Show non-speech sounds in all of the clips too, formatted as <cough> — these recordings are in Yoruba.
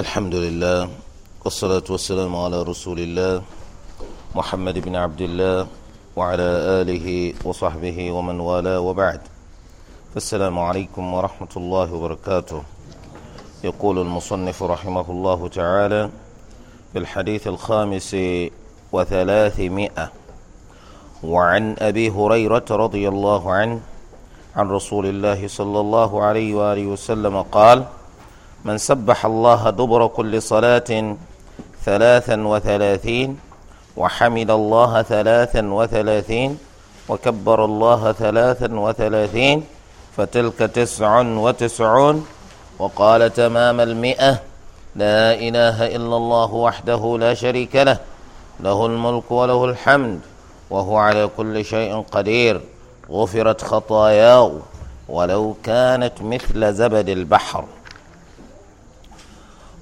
الحمد لله والصلاة والسلام على رسول الله محمد بن عبد الله وعلى آله وصحبه ومن والاه وبعد فالسلام عليكم ورحمة الله وبركاته يقول المصنف رحمه الله تعالى في الحديث الخامس وثلاثمائة وعن أبي هريرة رضي الله عنه عن رسول الله صلى الله عليه وآله وسلم قال قال من سبح الله دبر كل صلاة ثلاثا وثلاثين وحمد الله ثلاثا وثلاثين وكبر الله ثلاثا وثلاثين فتلك تسع وتسعون وقال تمام المئة لا إله إلا الله وحده لا شريك له له الملك وله الحمد وهو على كل شيء قدير غفرت خطاياه ولو كانت مثل زبد البحر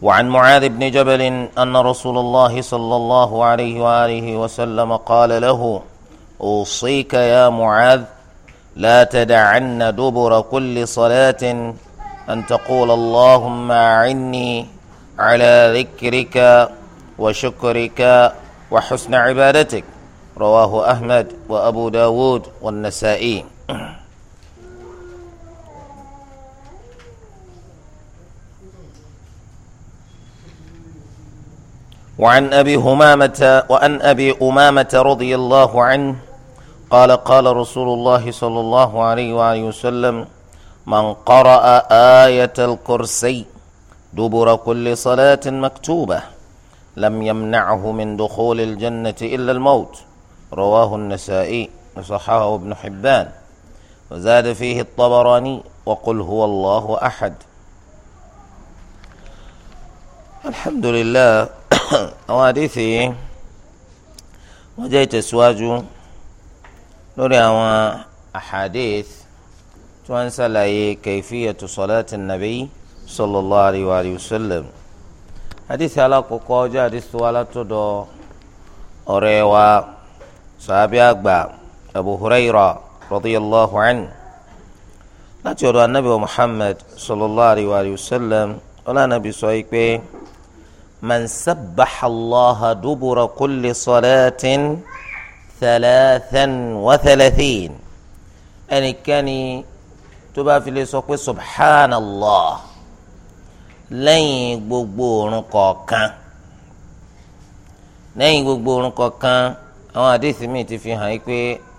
وعن معاذ بن جبل أن رسول الله صلى الله عليه وآله وسلم قال له أوصيك يا معاذ لا تدعن دبر كل صلاة أن تقول اللهم أعني على ذكرك وشكرك وحسن عبادتك رواه أحمد وأبو داود والنسائي وعن أبي همامة وأن أبي أمامة رضي الله عنه قال قال رسول الله صلى الله عليه وآله وسلم من قرأ آية الكرسي دبر كل صلاة مكتوبة لم يمنعه من دخول الجنة إلا الموت رواه النسائي وصححه ابن حبان وزاد فيه الطبراني وقل هو الله أحد الحمد لله <coughs> àwọn àdìsí wọ́n jẹ́ ìtẹ̀síwájú lórí àwọn àhàdìs tí wọ́n ń ṣàlàyé kayfiyatu salati nàbí sallallahu alayhi wa sallam àdìsí alákọ̀ọ́kọ́ jẹ́ àdìsí wa látọ̀dọ̀ ọ̀rẹ́ wa sàbí àgbà abu huraira radiyallahu anhu láti ọ̀dọ̀ anabi wa muhammad sallallahu alayhi wa sallam ọlọ́ọ̀nàbí sọ yìí pé man sabbaha allaha dubura kulli salatin thalathan wa thalathin ẹnikẹ́ni tó bá fi lè sọ pé subhanallah lẹ́yìn gbogbo òrun kọ̀ọ̀kan lẹ́yìn gbogbo òrun kọ̀ọ̀kan àwọn àdéhìí mi ti fi hàn yí pé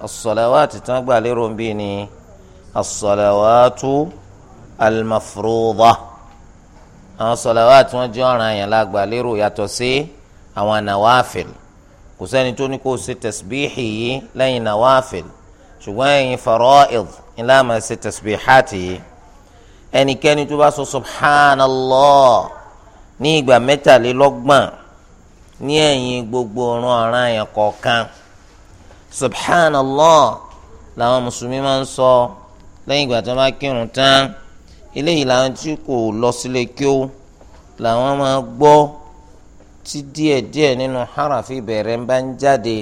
as-salawatu tán gbà lérò ń bí ni as-salawatu al-mafruḍah àwọn sọ̀làwà tí wọ́n jẹ́ ọ̀ràn yẹn lágbà lérò yàtọ̀ sí àwọn nàwáfìl kò sẹ́ni tó ní kó o ṣe tẹ̀sibíhì yìí lẹ́yìn nàwáfìl ṣùgbọ́n ẹ̀yin fara'id ńlá máa ṣe tẹ̀sibíhàtì yìí ẹnikẹ́ni tó bá sọ subhanallah ní ìgbà mẹ́tàlélọ́gbọ̀n ní ẹ̀yìn gbogbo ọ̀ràn ọ̀ràn yẹn kọ̀ọ̀kan subhanallah làwọn mùsùlùmí máa ń sọ lẹ́yìn ìgbà tó bá kírun tán eléyìí làwọn tí kò lọ sílé kí ó làwọn máa gbọ́ tí díẹ̀ díẹ̀ nínú harafi bẹ̀rẹ̀ ń bá ń jáde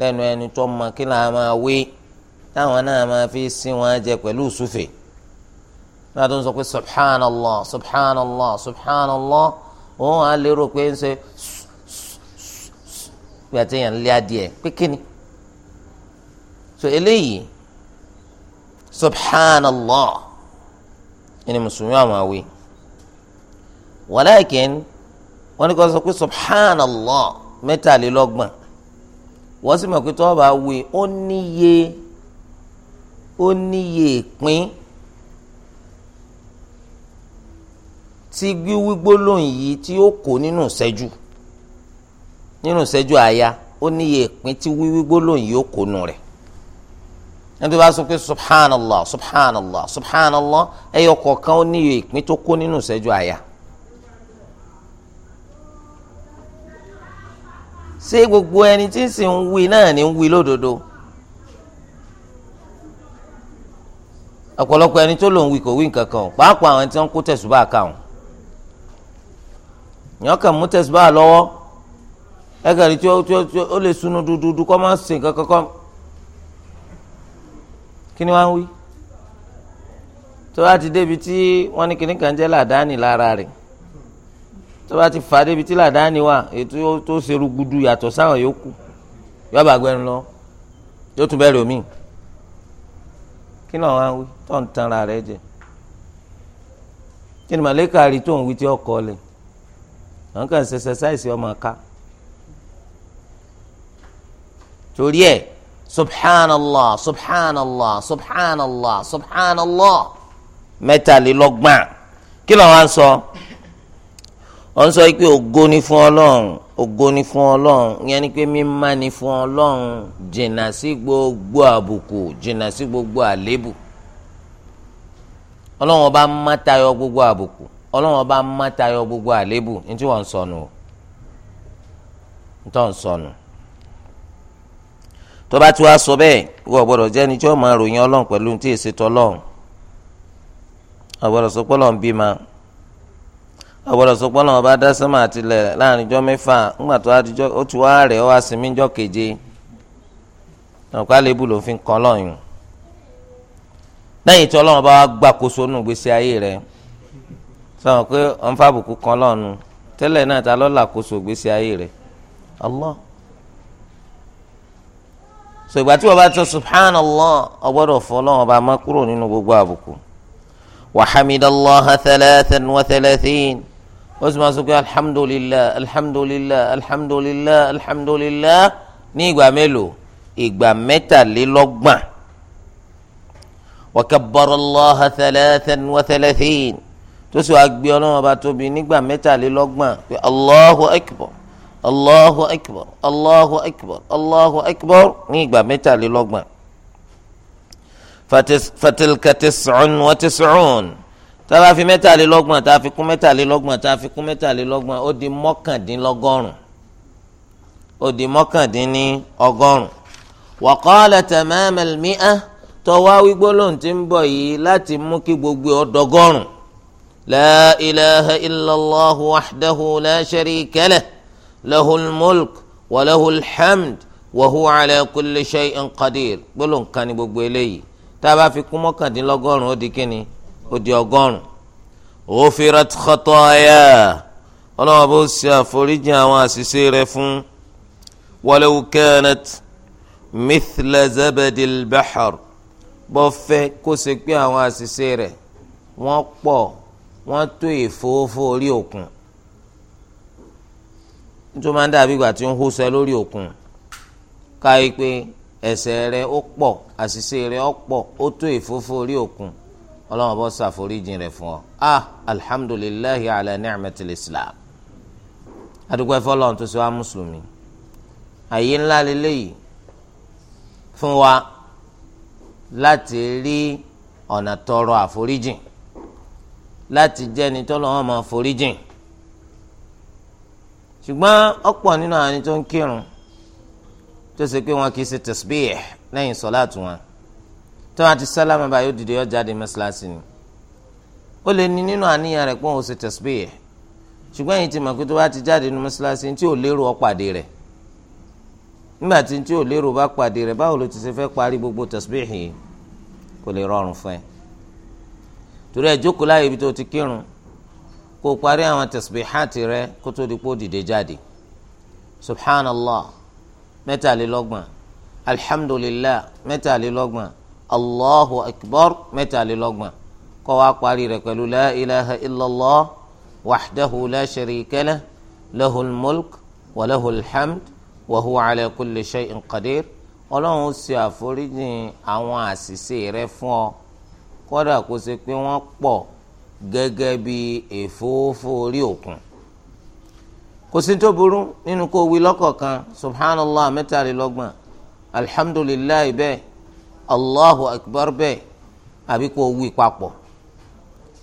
lẹ́nu ẹni tó mọ kí làwọn máa wí táwọn náà máa fi sin wọn jẹ pẹ̀lú sùfè náà tó ń sọ pé subhanallah subhanallah subhanallah òun á lérò pé ń ṣe pé àtẹ̀yàn lé adìẹ pé kíni so eléyìí subhanallah ẹni mùsùlùmí àwọn àwẹ wàláìkín wọn ni kò sọ pé subhanallah mẹ́tàlélọ́gbọ̀n wọ́n sì mọ̀ pé tó bá wí ó níye ó níye ìpín tí wíwí gbólóhùn yìí tí ó kó nínú ìṣẹ́jú nínú ìṣẹ́jú àyà ó níye ìpín tí wíwí gbólóhùn yìí ó kó nù ẹni bá sọ pé subhanallah subhanallah subhanallah ẹyọ kọ̀ọ̀kan ó níyọ ìpín tó kó nínú ìṣẹ́jú àyà. ṣé gbogbo ẹni tí ń ń wí náà ń wí lódodo ọ̀pọ̀lọpọ̀ ẹni tó wí kò wí nǹkan kan pàápàá àwọn tí wọ́n kó tẹ̀sùbá kàn mú tẹ̀sùbá lọ́wọ́ tí ó lè sunu dúdú kọ́ máa kí ni wọ́n á wí tó bá ti débi tí wọ́n ní kíní kan jẹ́ làdáni lára rẹ̀ tó bá ti fà débi tí làdáni wà ètò tó ṣerú gudu yàtọ̀ sáwọn yòókù yóò bá gbẹnu lọ yóò tún bẹ̀rẹ̀ omi kí ni wọ́n á wí tó ń tan ara rẹ̀ jẹ kí ni màlẹ́kà rí tó ń wí tí ọkọ lẹ̀ àwọn kan ṣẹṣẹ sáìsì ọmọ ká torí ẹ̀ subhanallah subhanallah subhanallah subhanallah mẹ́tàlélọ́gbọ̀n kí ló wá ń sọ ọ ń sọ pé ògo ni fún ọlọ́run ògo ni fún ọlọ́run ìyẹn ni pé mímá ni fún ọlọ́run jìnnà sí gbogbo àbùkù jìnnà sí gbogbo àlébù ọlọ́run ọba má tayọ gbogbo àbùkù ọlọ́run ọba má gbogbo àlébù ní tí wọ́n ń sọnù ní tí wọ́n ń sọnù. tó bá ti wá sọ bẹ́ẹ̀ wọ́n gbọ́dọ̀ jẹ́ ẹni tí máa ròyìn ọlọ́run pẹ̀lú tí èsì ọ̀gbọ́dọ̀ sọpọ́ bí ma ọ̀gbọ́dọ̀ sọpọ́ lọ́n ọba láàrin mẹ́fà ńgbà tó adijọ́ ó ti wá rẹ̀ ó wá sinmi keje fi kọ́ lọ́yìn lẹ́yìn tí ọlọ́run bá wá gbèsè ayé rẹ̀ sọ̀rọ̀ pé ọ̀nfàbùkù kan lọ́nu tẹ́lẹ̀ náà so ìgbà tí wọn bá tó subhanallah ọgbọ́dọ̀ fọlọ́n ọba má kúrò nínú gbogbo àbùkù wàhámídàlláha thalathan wa thalathin ó sì máa sọ pé alhamdulilah alhamdulilah alhamdulilah alhamdulilah ní ìgbà mélòó ìgbà mẹ́tàlélọ́gbọ̀n wàkàbọ̀rọ̀lọ́ha thalathan wa thalathin tó sì wá gbé ọlọ́run ọba tóbi nígbà mẹ́tàlélọ́gbọ̀n pé allahu akbar allahu akbar allahu akbar allahu akbar ní ìgbà mẹ́tàlélọ́gbọ̀n fatilka tis'un wa tis'un tábà fi mẹ́tàlélọ́gbọ̀n tá a fi kún mẹ́tàlélọ́gbọ̀n tá a fi kún mẹ́tàlélọ́gbọ̀n ó di mọ́kàndínlọ́gọ́rùn ó di mọ́kàndínlọ́gọ́rùn wa qala tamam al-mi'a tọ́wá wígbólóhùn tí ń bọ̀ yìí láti mú kí gbogbo ọ̀dọ́gọ́rùn la ilaha illallah wahdahu la sharika lahu lahul mulk wa lahul hamd wa huwa ala kulli shay'in qadir gbólóhùn kan ní gbogbo eléyìí tá a bá fi kún mọ́kàndínlọ́gọ́rùn-ún ó di kíni ó di ọgọ́rùn-ún. ghufirat khataya ọlọ́wọ́n bó ṣe àforíjì àwọn àṣìṣe rẹ fún walaw kanat mithla zabadil bahar bọ́ fẹ́ kó ṣe pé àwọn àṣìṣe rẹ wọ́n pọ̀ wọ́n tó ìfowófó orí òkun nítorí máa ń dàbí ìgbà tí ń hó sẹ lórí òkun káyí pé ẹ̀ṣẹ̀ rẹ̀ ó pọ̀ àṣìṣe rẹ̀ ó pọ̀ ó tó ìfófó orí òkun ọlọ́run bọ́ ṣàforíjìn rẹ̀ fún ọ ah alhamdulillahi ala ni'matil islam adúgbò ẹ̀fọ́ lọ́run tó ṣe wá mùsùlùmí àyè ńlá lélẹ́yìí fún wa láti rí ọ̀nà tọrọ àforíjìn láti jẹ́ni tọ́lọ́run máa foríjìn ṣùgbọ́n ọ̀pọ̀ nínú àwọn ẹni tó ń kírun tó ṣe pé wọn kì í ṣe tẹ̀síbíyẹ̀ lẹ́yìn sọ́láàtù wọn tó wọn ti sálámà báyìí ó dìde ó jáde mẹ́sàlásì ni ó lè ní nínú àníyàn rẹ̀ pé òun ṣe tẹ̀síbíyẹ̀ ṣùgbọ́n èyí ti mọ̀ pé tó bá ti jáde nínú mẹ́sàlásì tí ò lérò ó rẹ̀ nígbà tí tí ò lérò bá pàdé rẹ̀ báwo ló ti ṣe fẹ́ parí gbogbo tẹ̀síbíyẹ̀ kò lè rọrùn fún ẹ kó o parí àwọn tasbihati rẹ kó tó di kó dìde jáde subhanallah mẹ́tàlélọ́gbọ̀n alhamdulillah mẹ́tàlélọ́gbọ̀n allahu akbar mẹ́tàlélọ́gbọ̀n kó wá parí rẹ pẹ̀lú la ilaha illallah wahdahu la sharika lah lahul mulk wa lahul hamd wa huwa ala kulli shay'in qadir ọlọ́run ó ṣe àforíjìn àwọn àṣìṣe rẹ fún ọ kódà kó ṣe pé wọ́n pọ̀ gẹ́gẹ́ bí èfófó orí òkun kò sí tó burú nínú kó wí lọ́kọ̀ọ̀kan subhanallah mẹ́tàlélọ́gbọ̀n alhamdulilayi bẹ́ẹ̀ allahu akbar bẹ́ẹ̀ àbí kó wí papọ̀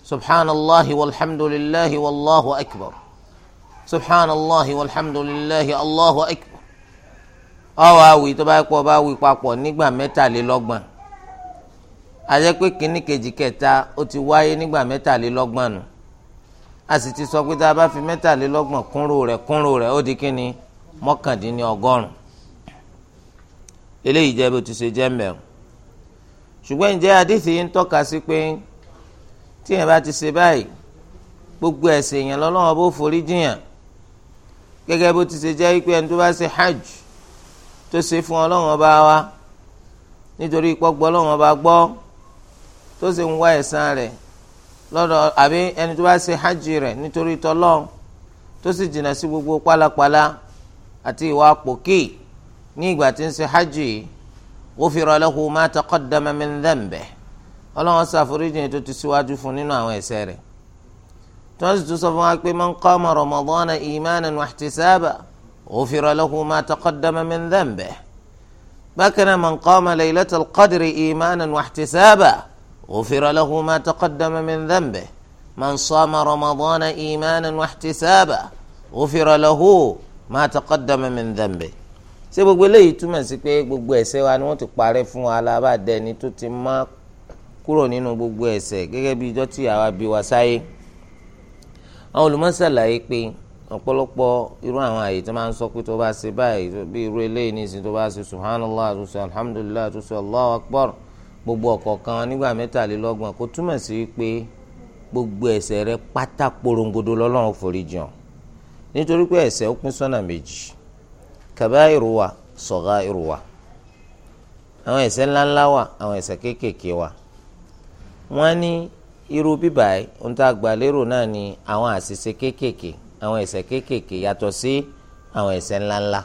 subhanallah walhamdulilayi wallahu akbar subhanallah walhamdulilayi allahu akbar ọ̀ wá wí tó bá kọ́ bá wí papọ̀ nígbà mẹ́tàlélọ́gbọ̀n ajẹ́ pé kínní kejì kẹta ó ti wáyé nígbà mẹ́tàlélọ́gbọ̀n nù a sì ti sọ pé tá a bá fi mẹ́tàlélọ́gbọ̀n kúnrò rẹ̀ kúnrò rẹ̀ ó di kínní mọ́kàndínlọ́gọ́rùn eléyìí jẹ́ bó ti ṣe jẹ́ mẹ́rin ṣùgbọ́n ǹjẹ́ àdìsí yìí ń tọ́ka sí pé tí yẹn bá ti ṣe báyìí gbogbo ẹ̀ṣẹ̀ yẹn lọ́lọ́wọ́n bó forí jiyàn gẹ́gẹ́ bó ti ṣe jẹ́ pé ẹni tó bá ṣe hajj tó ṣe fún Ọlọ́run ọba wa nítorí pọ́gbọ́ Ọlọ́run ọba gbọ́ tó sì ń wá ẹ̀san rẹ̀ lọ́dọ̀ àbí ẹni tó bá ṣe hajj rẹ̀ nítorí tọ́lọ́n tó sì jìnnà sí gbogbo pálapàla àti ìwà pòkì ní ìgbà tí ń ṣe hajj yìí ghufira lahu ma taqaddama min dhanbihi ọlọ́run ṣàforíjìn tó ti síwájú fún nínú àwọn ẹ̀ṣẹ̀ rẹ̀ tí wọ́n sì tún sọ fún wa pé man qama ramadana imanan wa ihtisaba ghufira lahu ma taqaddama min dhanbihi bákan náà man qama laylatal qadri imanan wa ihtisaba. غفر له ما تقدم من ذنبه من صام رمضان إيمانا واحتسابا غفر له ما تقدم من ذنبه ṣé gbogbo eléyìí túmọ̀ sí pé gbogbo ẹ̀ṣẹ̀ wa ni wọ́n ti parẹ́ fún wa alábàdẹni tó ti má kúrò nínú gbogbo ẹ̀ṣẹ̀ gẹ́gẹ́ bí ijọ́ tí àwa bí wa sáyé àwọn olùmọ̀sálàyé pé ọ̀pọ̀lọpọ̀ irú àwọn àyè tó máa ń sọ pé tó bá ṣe báyìí bí irú eléyìí ní ìsìn tó bá subhanallah àtúnṣe alhamdulilayi àtúnṣe allahu akbar gbogbo ọ̀kọ̀ọ̀kan nígbà mẹ́tàlélọ́gbọ̀n kò túmọ̀ sí pé gbogbo ẹ̀ṣẹ̀ rẹ pátá porongodo lọ́lọ́run foríjì hàn nítorí pé ẹ̀ṣẹ̀ ó pín sọ́nà méjì kabairu wa sagairu wa àwọn ẹ̀ṣẹ̀ ńláńlá wa àwọn ẹ̀ṣẹ̀ kéékèèké wa wọ́n ní irú bíbà yìí ohun tá a gbà lérò náà ni àwọn àṣìṣe kéékèèké àwọn ẹ̀ṣẹ̀ kéékèèké yàtọ̀ sí àwọn ẹ̀ṣẹ̀ ńláńlá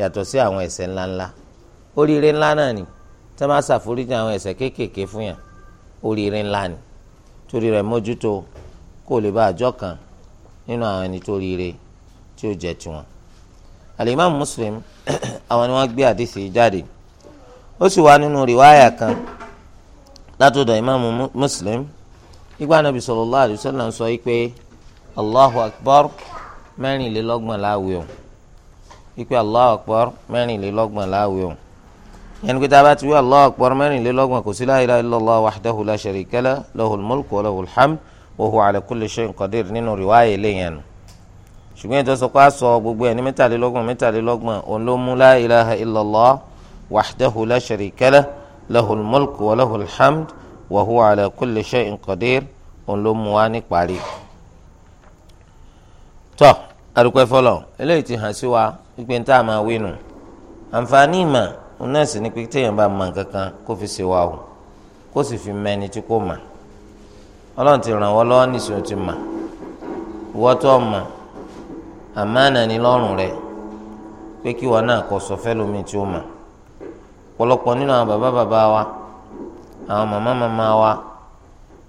yàtọ̀ sí àwọn ẹ̀ṣẹ̀ ńláńlá oríire ńlá náà ni. tẹ́ máa ṣàforíjì àwọn ẹ̀ṣẹ̀ kéékèèké fún yàn oríire ńlá ni torí rẹ̀ mójútó kó kan nínú àwọn ẹni tó ríire tí ó jẹ́ tiwọn. alimami muslim <clears throat> àwọn ni wọ́n gbé àdìsí jáde ó sì wá nínú rìwáyà kan látọ̀dọ̀ imaamu muslim igba anabi sallallahu alaihi wasallam sọ wípé allahu akbar mẹ́rìnlélọ́gbọ̀n wípé allahu akbar yẹn kí tábà ti wí Allahu akbar mẹ́rìnlélọ́gbọ̀n kò sí la ilaha illallah wahdahu la sharika lahu lahul mulku wa lahul hamd wa huwa ala kulli shay'in qadir nínú rìwáyé lẹ́yìn ṣùgbọ́n ìjọ sọ pé a sọ gbogbo ẹ̀ ní mẹ́tàlélọ́gbọ̀n mẹ́tàlélọ́gbọ̀n òun ló mú la ilaha illallah wahdahu la sharika lahu lahul mulku wa lahul hamd wa huwa ala kulli shay'in qadir òun ló mú wa ní parí. tọ́ àdùkọ́ ẹ̀fọ́ eléyìí ti hàn sí wa wípé ń òun náà sì ni pé téèyàn bá mọ nǹkan kan kó fi ṣe wa o kó sì fi mẹ́ni tí kò mà ọlọ́run ti ràn wọ́n lọ́wọ́ nìṣó ti mà wọ́n tó mà ni lọ́rùn rẹ̀ pé kí wọn náà kọ sọ fẹ́ tí ó mà pọ̀lọpọ̀ nínú àwọn bàbá bàbá wa àwọn màmá màmá wa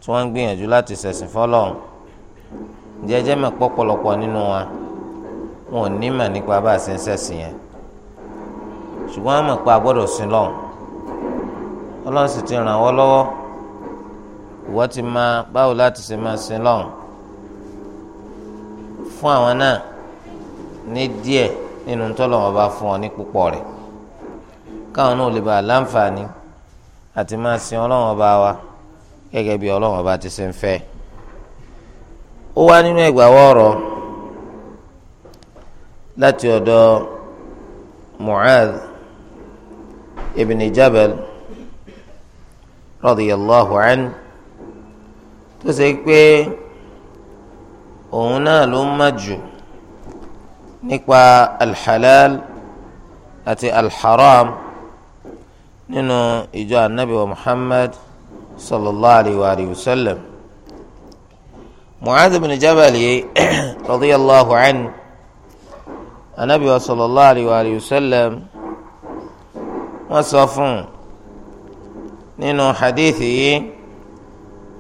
tí wọ́n ń gbìyànjú láti ṣẹ̀sìn fọ́lọ́run jẹ́jẹ́ mọ̀ pọ̀pọ̀lọpọ̀ nínú wa wọn ò ní mà nípa bá a ṣe ń ṣẹ̀sìn yẹn ṣùgbọ́n àmọ̀ pé a gbọ́dọ̀ sin lọ́hùn ọlọ́run sì ti ràn wọ́n lọ́wọ́ ìwọ́ ti máa báwo láti ṣe máa sin lọ́hùn fún àwọn náà ní díẹ̀ nínú tọ́lọ́wọ́n bá fún ọ ní púpọ̀ rẹ̀ káwọn náà lè bá láǹfààní àti máa sin ọlọ́run ọba wa gẹ́gẹ́ bí ọlọ́run ọba ti ṣe ń fẹ́ ó wá nínú ẹgbàáwọ̀ ọ̀rọ̀ láti ọ̀dọ̀ Mu'adh ابن جبل رضي الله عنه ṣe pé òun náà ló mọ̀ jù nípa alḥalal àti alḥaram nínú ìjọ anabi wa muhammad sallallahu alayhi wa sallam mu'adh ibn jabal yìí <coughs> radiyallahu anhu anabi wa sallallahu alayhi wa sallam wọ́n sọ fún un nínú hadithi yìí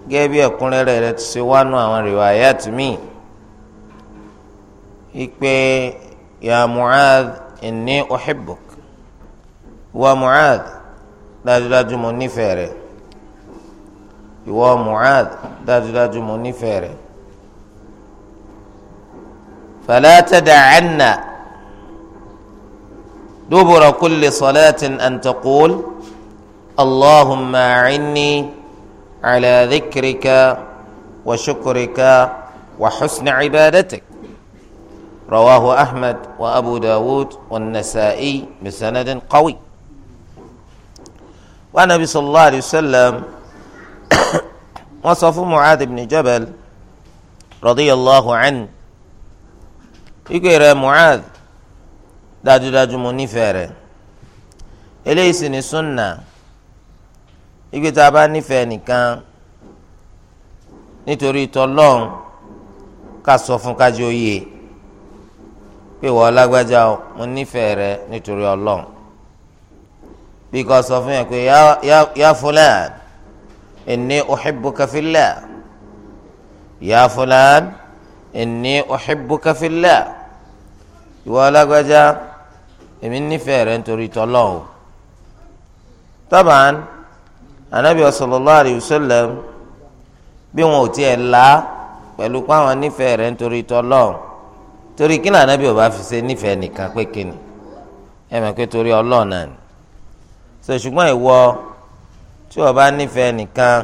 gẹ́gẹ́ bí ẹ̀kúnrẹ́rẹ́ rẹ̀ ti ṣe wá nù àwọn riwayat mi ìpè ya Mu'adh inni uhibbuk wa Mu'adh dájúdájú mo nífẹ̀ẹ́ rẹ̀ ìwọ Mu'adh dájúdájú mo nífẹ̀ẹ́ rẹ̀ fala tada'anna. دبر كل صلاة أن تقول اللهم أعني على ذكرك وشكرك وحسن عبادتك رواه أحمد وأبو داود والنسائي بسند قوي والنبي صلى الله عليه وسلم <coughs> وصف معاذ بن جبل رضي الله عنه يقول يا معاذ dájúdájú mo nífẹ̀ẹ́ rẹ̀ eléyìí sì ni súnà ìgbé tá a bá nífẹ̀ẹ́ nìkan nítorí tọlọ́run ká sọ fún kájọ yìí pé wọ́n lágbájá o mo nífẹ̀ẹ́ rẹ nítorí ọlọ́run bí kò sọ fún yẹn pé yá fulan inni uhibbuka fillah yá fulan inni uhibbuka fillah ìwọ lágbájá èmi nífẹ̀ẹ́ rẹ nítorí tọ́lọ́ o tọ́bàn anabi sallallahu alayhi wa sallam bí wọn ò tiẹ̀ la pẹ̀lú pé àwọn nífẹ̀ẹ́ rẹ nítorí tọ́lọ́ torí kí ni anabi ò fi ṣe nífẹ̀ẹ́ nìkan pé kíni ẹ mọ̀ pé torí ọlọ́ọ̀ ni ṣe ṣùgbọ́n ìwọ tí o bá nífẹ̀ẹ́ nìkan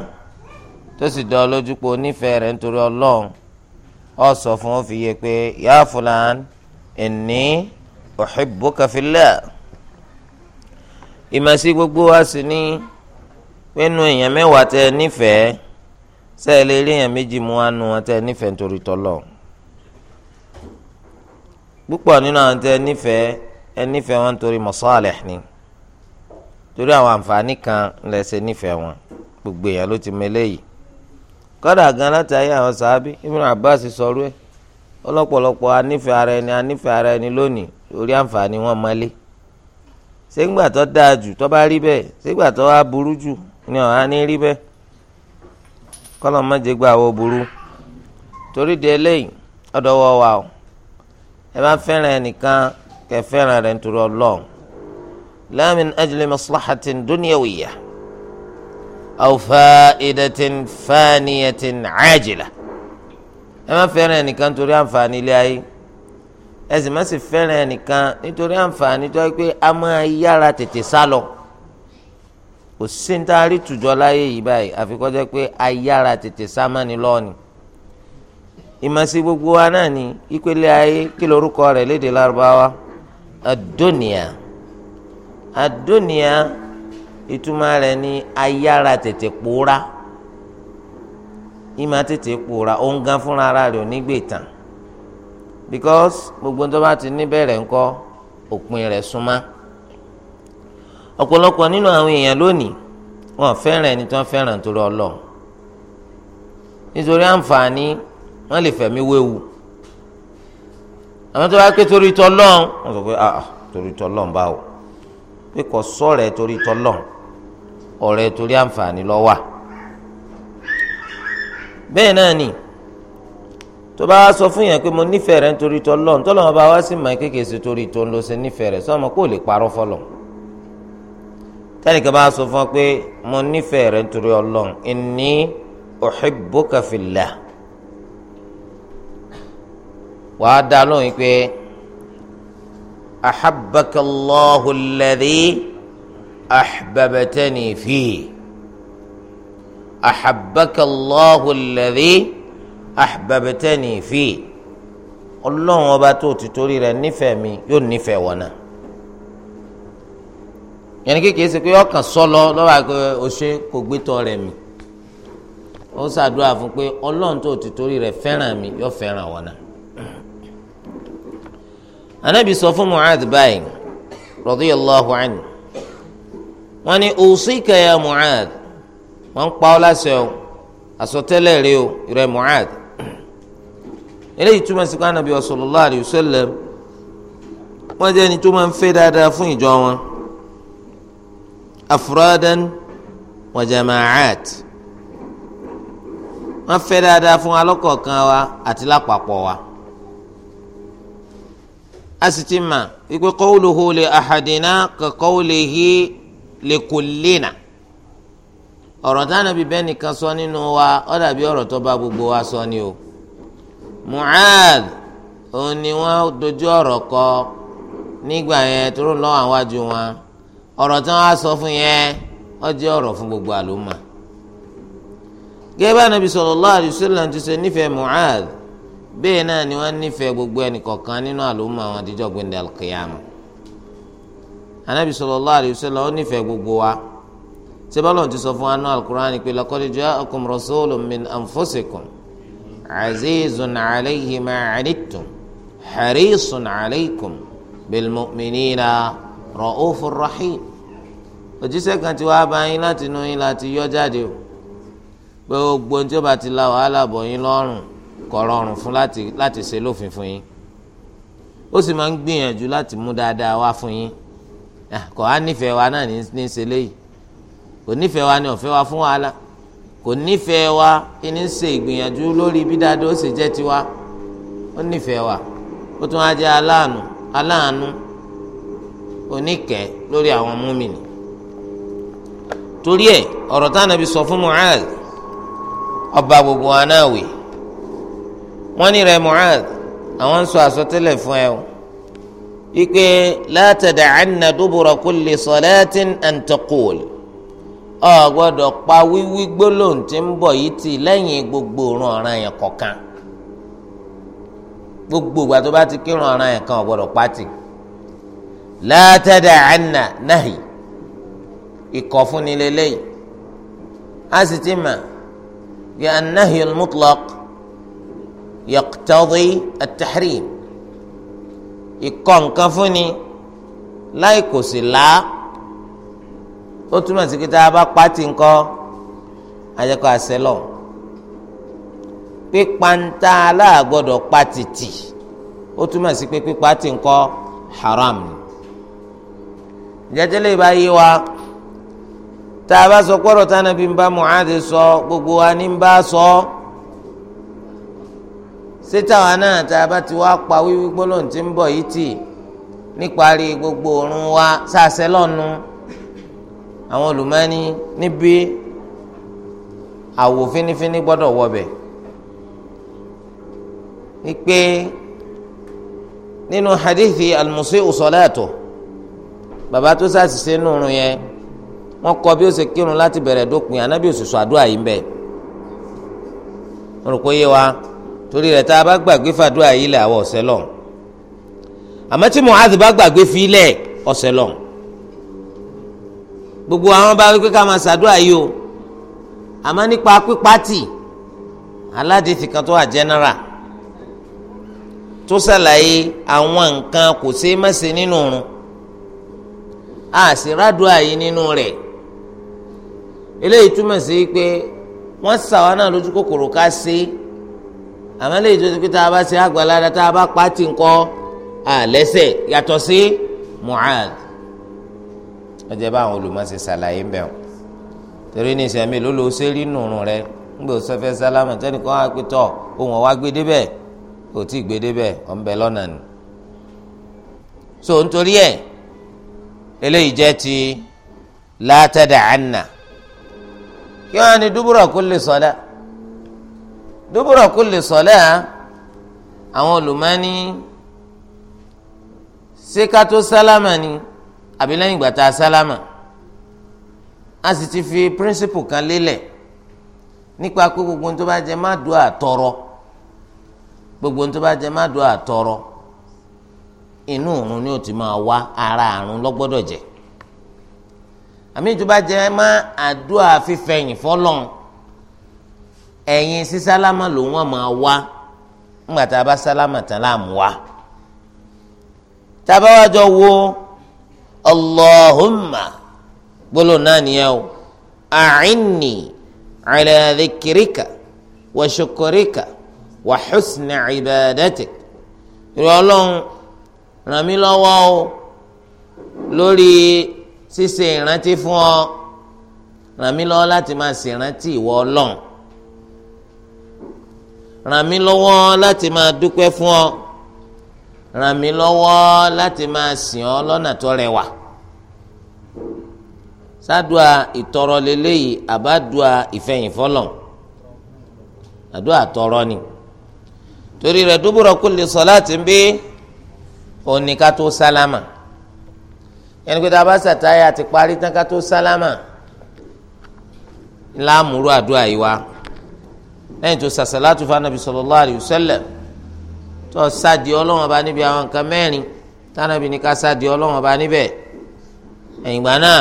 tó sì dán lójú pé o nífẹ̀ẹ́ rẹ̀ nítorí ọlọ́run ọ sọ fún ó fi yé pé yá fúlan ẹ̀ní uhibbuka fillah ìmọ̀sí gbogbo wa sì ní pínu èèyàn mẹ́wàá tẹ nífẹ̀ẹ́ sẹ́ẹ̀lẹ̀ eré èèyàn méjì mú wa nu wọn tẹ nífẹ̀ẹ́ nítorí tọ́lọ̀ púpọ̀ nínú àwọn tẹ nífẹ̀ẹ́ ẹ nífẹ̀ẹ́ wọn nítorí masalih ni torí àwọn àǹfààní kan lẹ́sẹ̀ nífẹ̀ẹ́ wọn gbogbo èèyàn ló ti mẹ́lẹ́ yìí kọ́dà gan láti ayé àwọn sàábí Ibn Abbas sọ̀rọ̀ ẹ̀ ọlọ́pọ̀lọpọ̀ anífẹ̀ẹ́ ara ẹni anífẹ̀ẹ́ ara ẹni lónìí orí àǹfààní wọn mọ́lé ṣégbà tó dáa jù tó bá rí bẹ́ẹ̀ ṣégbà tó wá burú jù ni ní rí bẹ́ẹ̀ kọ́lọ̀ mọ́jẹ gbà àwọn burú torí di eléyìí ọ̀dọ̀ wọ wa o ẹ bá fẹ́ràn ẹnìkan kẹ fẹ́ràn rẹ̀ nítorí ẹ bá fẹ́ràn ẹnìkan torí àǹfààní ilé ayé. ẹ sì má sì fẹ́ràn ẹnìkan nítorí àǹfààní tó yẹ pé a máa yára tètè sá lọ kò sí ní taari tùjọ láyé yìí báyìí àfi kó jẹ́ pé a yára tètè sá mání lọ́ọ̀nì ìmọ̀sí gbogbo wa náà ni ìpele ayé kí lorúkọ rẹ̀ léde lárúbáwá adóníà adóníà ìtumọ̀ rẹ̀ ni ayára tètè pòórá ìmọ̀ tètè pòórá òun gan fúnra rẹ̀ ò ní gbè tán because gbogbo tó bá ti níbẹ̀rẹ̀ ńkọ́ òpin rẹ̀ súnmá ọ̀pọ̀lọpọ̀ nínú àwọn èèyàn lónìí wọn fẹ́ràn ẹni tí wọ́n fẹ́ràn torí ọlọ́run nítorí àǹfààní wọ́n lè fẹ̀mí wéwu àwọn tó bá pé torí tọ́lọ́run wọ́n sọ pé ah, ah torí tọ́lọ́run báwo pé kò sọ̀rẹ́ torí tọ́lọ́run ọ̀rẹ́ torí àǹfààní ló bẹ́ẹ̀ náà ni tó bá sọ fún yẹn pé mo nífẹ̀ẹ́ rẹ nítorí tó lọ́n tó lọ́n bá wá sí màá kékeré sí torí tó ń lọ sí nífẹ̀ẹ́ rẹ sọ́mọ kó lè parọ́ fọlọ́ tẹ́nìkan bá sọ fún ọ pé mo nífẹ̀ẹ́ rẹ nítorí ọlọ́n inni uhibbuka fillah wàá dá lóyún pé ahabbakallahu alladhi ahbabtani fihi ahabbakallahu alladhi. ahbabtani fi ọlọ́run ọba tó ti torí rẹ̀ nífẹ̀ẹ́ mi yóò nífẹ̀ẹ́ wọ̀ yẹnni kékeré ṣe pé ọkàn sọlọ lọ́wọ́ àgbẹ̀ ọṣẹ kò gbé tọ́ mi ó ṣàdúrà fún pé ọlọ́run tó ti torí rẹ̀ fẹ́ràn mi yóò anabi sọ fún radiyallahu anhu ya mu'adh ń pa eléyìí túmọ̀ sí pé anabi sallallahu alayhi wa sallam wọ́n jẹ́ ẹni tó máa ń fẹ́ dáadáa fún ìjọ wọn afuradan wa jama'at wọ́n fẹ́ dáadáa fún alọ́kọ̀ọ̀kan wa àti lápapọ̀ wa a sì ti mà wípé qawluhu li ahadina ka qawlihi li kullina ọ̀rọ̀ tí anabi bẹ́ẹ̀ nìkan sọ nínú wa ó ọ̀rọ̀ tó bá gbogbo wa sọ ni o. mu'ad òun ni wọn dojú ọ̀rọ̀ kọ nígbà yẹn tóró lọ́wọ́ àwájú wọn ọrọ tí wọn á sọ fún yẹn wọ́n jẹ́ ọ̀rọ̀ fún gbogbo àlùmọ̀ gẹ́gẹ́ Ànábì sallallahu alaihi wasallam ti ṣe nífẹ̀ẹ́ mu'ad bẹ́ẹ̀ náà ni wọ́n nífẹ̀ẹ́ gbogbo ẹnìkọ̀ọ̀kan nínú àwọn àdìjọ́ gbẹ̀ndẹ̀ alqiyama nífẹ̀ẹ́ gbogbo wa ṣé ti sọ fún wa náà pé عزيز alayhi ma anittum harisun alaykum bilmu'minina ra'ufur rahim òjíṣẹ́ kan ti wá bá yín láti inú yín láti yọ jáde o pé gbogbo tí ó bá ti la wàhálà bọ̀ yín lọ́rùn kọ̀ rọrùn fún láti láti ṣe lófin fún yín ó sì máa ń gbìyànjú láti mú dáadáa wá fún yín kò á nífẹ̀ẹ́ wa náà ní í ṣe léyìí kò nífẹ̀ẹ́ wa ni ọ̀fẹ́ wa fún wàhálà kò nífẹ̀ẹ́ wa ìní ṣe ìgbìyànjú lórí bí dáadáa ó ṣe jẹ́ tiwa ó nífẹ̀ẹ́ wa ó tún á jẹ́ aláàánú aláàánú oníkẹ́ lórí àwọn múmìnì torí ẹ ọ̀rọ̀ táwọn ẹbí sọ fún Mu'adh ọba gbogbo wa náà ní rẹ Mu'adh àwọn ń sọ àsọtẹ́lẹ̀ fún ẹ o wípé la tada'anna dubura kulli salatin an taqul ọ gbọ́dọ̀ pa wíwí gbólóhùn tí ń bọ̀ yìí tì lẹ́yìn gbogbo òrùn ọ̀ràn yẹn kọ̀ọ̀kan gbogbo ìgbà tó bá ti kírun ọ̀ràn yẹn kan ọ gbọ́dọ̀ pa tì la tada'anna nahi ìkọ̀ fún ni lélẹ́yìí a sì ti mà bí an-nahy al-mutlaq yaqtadi nǹkan fún ni láì kò sí láà. ó túmọ̀ sí kíta bá pàtì ńkọ́ ajẹ́kọ̀ àṣẹlọ̀ pípáńtà aláàgbọ́dọ̀ pàtì ó túmọ̀ sí pé pípàtì ńkọ́ haram ni jẹjẹrẹ ìbá yé wa tá a bá sọ pọ́rọ̀ bí n bá sọ gbogbo wa ní n bá sọ sétáwa náà tá a bá ti wá pa wíwí gbogbo wa lọ́nu. àwọn olùmọ́ni níbi àwò fínífíní gbọ́dọ̀ wọbẹ̀ wípé nínú hadithi al-musi'u salatu bàbá tó ṣàṣìṣe nùrùn yẹn wọ́n kọ́ bí ó ṣe kírun láti bẹ̀rẹ̀ dópin ànábì òṣìṣọ àdúrà yìí ń bẹ wọn rò pé yé wa torí rẹ̀ tá a bá gbàgbé fàdúrà yìí lẹ àwọn ọsẹ lọ àmọ́ tí muhammed bá gbàgbé fi lẹ ọsẹ gbogbo àwọn bá wípé ká máa ṣàdúrà yìí o àmọ́ nípa pípátì aládìsí kan tó wà general tó ṣàlàyé àwọn nǹkan kò ṣeé má ṣe nínú òrun àṣìràdúrà yìí nínú rẹ̀ eléyìí túmọ̀ sí pé wọ́n ṣàwọn náà lójú kòkòrò ká ṣe àmọ́ eléyìí tó ti pé tá a bá ṣe àgbàlá tá a bá pátì ńkọ́ àlẹ́sẹ̀ yàtọ̀ sí Mu'adh ọjọ́ báwọn olùmọ̀ọ́sẹ̀ ṣàlàyé bẹ̀ wọn. torí ní ìsẹ̀mí ló lo sẹ́rí nùrùn rẹ ńgbò sọfẹ́ sálámù tẹ́nìkan á pé tọ̀ ohun ọ̀wá gbé débẹ̀ kò tí ì gbé débẹ̀ ọ̀ lọ́nà ni. so nítorí ẹ̀ eléyìí jẹ́ ti látẹ̀dà ànà kí wọ́n á ní dúbúrọ̀ kó lè sọ́dá dúbúrọ̀ kó lè sọ́dá àwọn olùmọ̀ọ́ni ṣé ká tó sálámù ni. Dubura, àbí lẹ́yìn ìgbà tá a sálámà a sì ti fi píríncípù kan lélẹ̀ nípa pé gbogbo ohun tó bá jẹ má dùn àtọrọ gbogbo ohun tó bá jẹ má dùn àtọrọ inú òrùn ni ó ti máa wá ara àrùn lọ́gbọ́dọ̀ jẹ àmì tó jẹ má àdúrà fífẹ̀yìn fọlọ́n ẹ̀yìn sísálámà lòun wọn máa wá ńgbà tá a bá sálámà tán láàmú wá tá a bá wá jọ wo allahumma gbólò náà nìyẹn o a'inni ala dhikrika wa shukrika wa husni ibadatik ìrọ̀ ọlọ́run ràn mí lọ́wọ́ o lórí ṣíṣe ìrántí fún ọ ràn mí lọ́wọ́ láti máa ṣèrántí ìwọ ọlọ́run ràn mí lọ́wọ́ láti máa dúpẹ́ fún ọ ràn mí lọ́wọ́ láti máa sìn ọ́ lọ́nà tó rẹwà sádùá ìtọrọ lélẹ́yìí àbádùá ìfẹ̀yìn fọlọ́n àdúrà tọrọ ni torí rẹ̀ dúbúrọ̀ kulli salati ń bí òní ká tó sálámà ẹni pé tá a bá sàtáyà ti parí tán ká tó sálámà ńlá múrú àdúrà yìí wá lẹ́yìn tó sàṣàlátù fún anabi sallallahu alayhi wa tó sáàdì ọlọ́wọ́n bá níbi àwọn nǹkan mẹ́rin tánàbí ní ká sáàdì ọlọ́wọ́n bá níbẹ̀ ẹ̀yìn gbà náà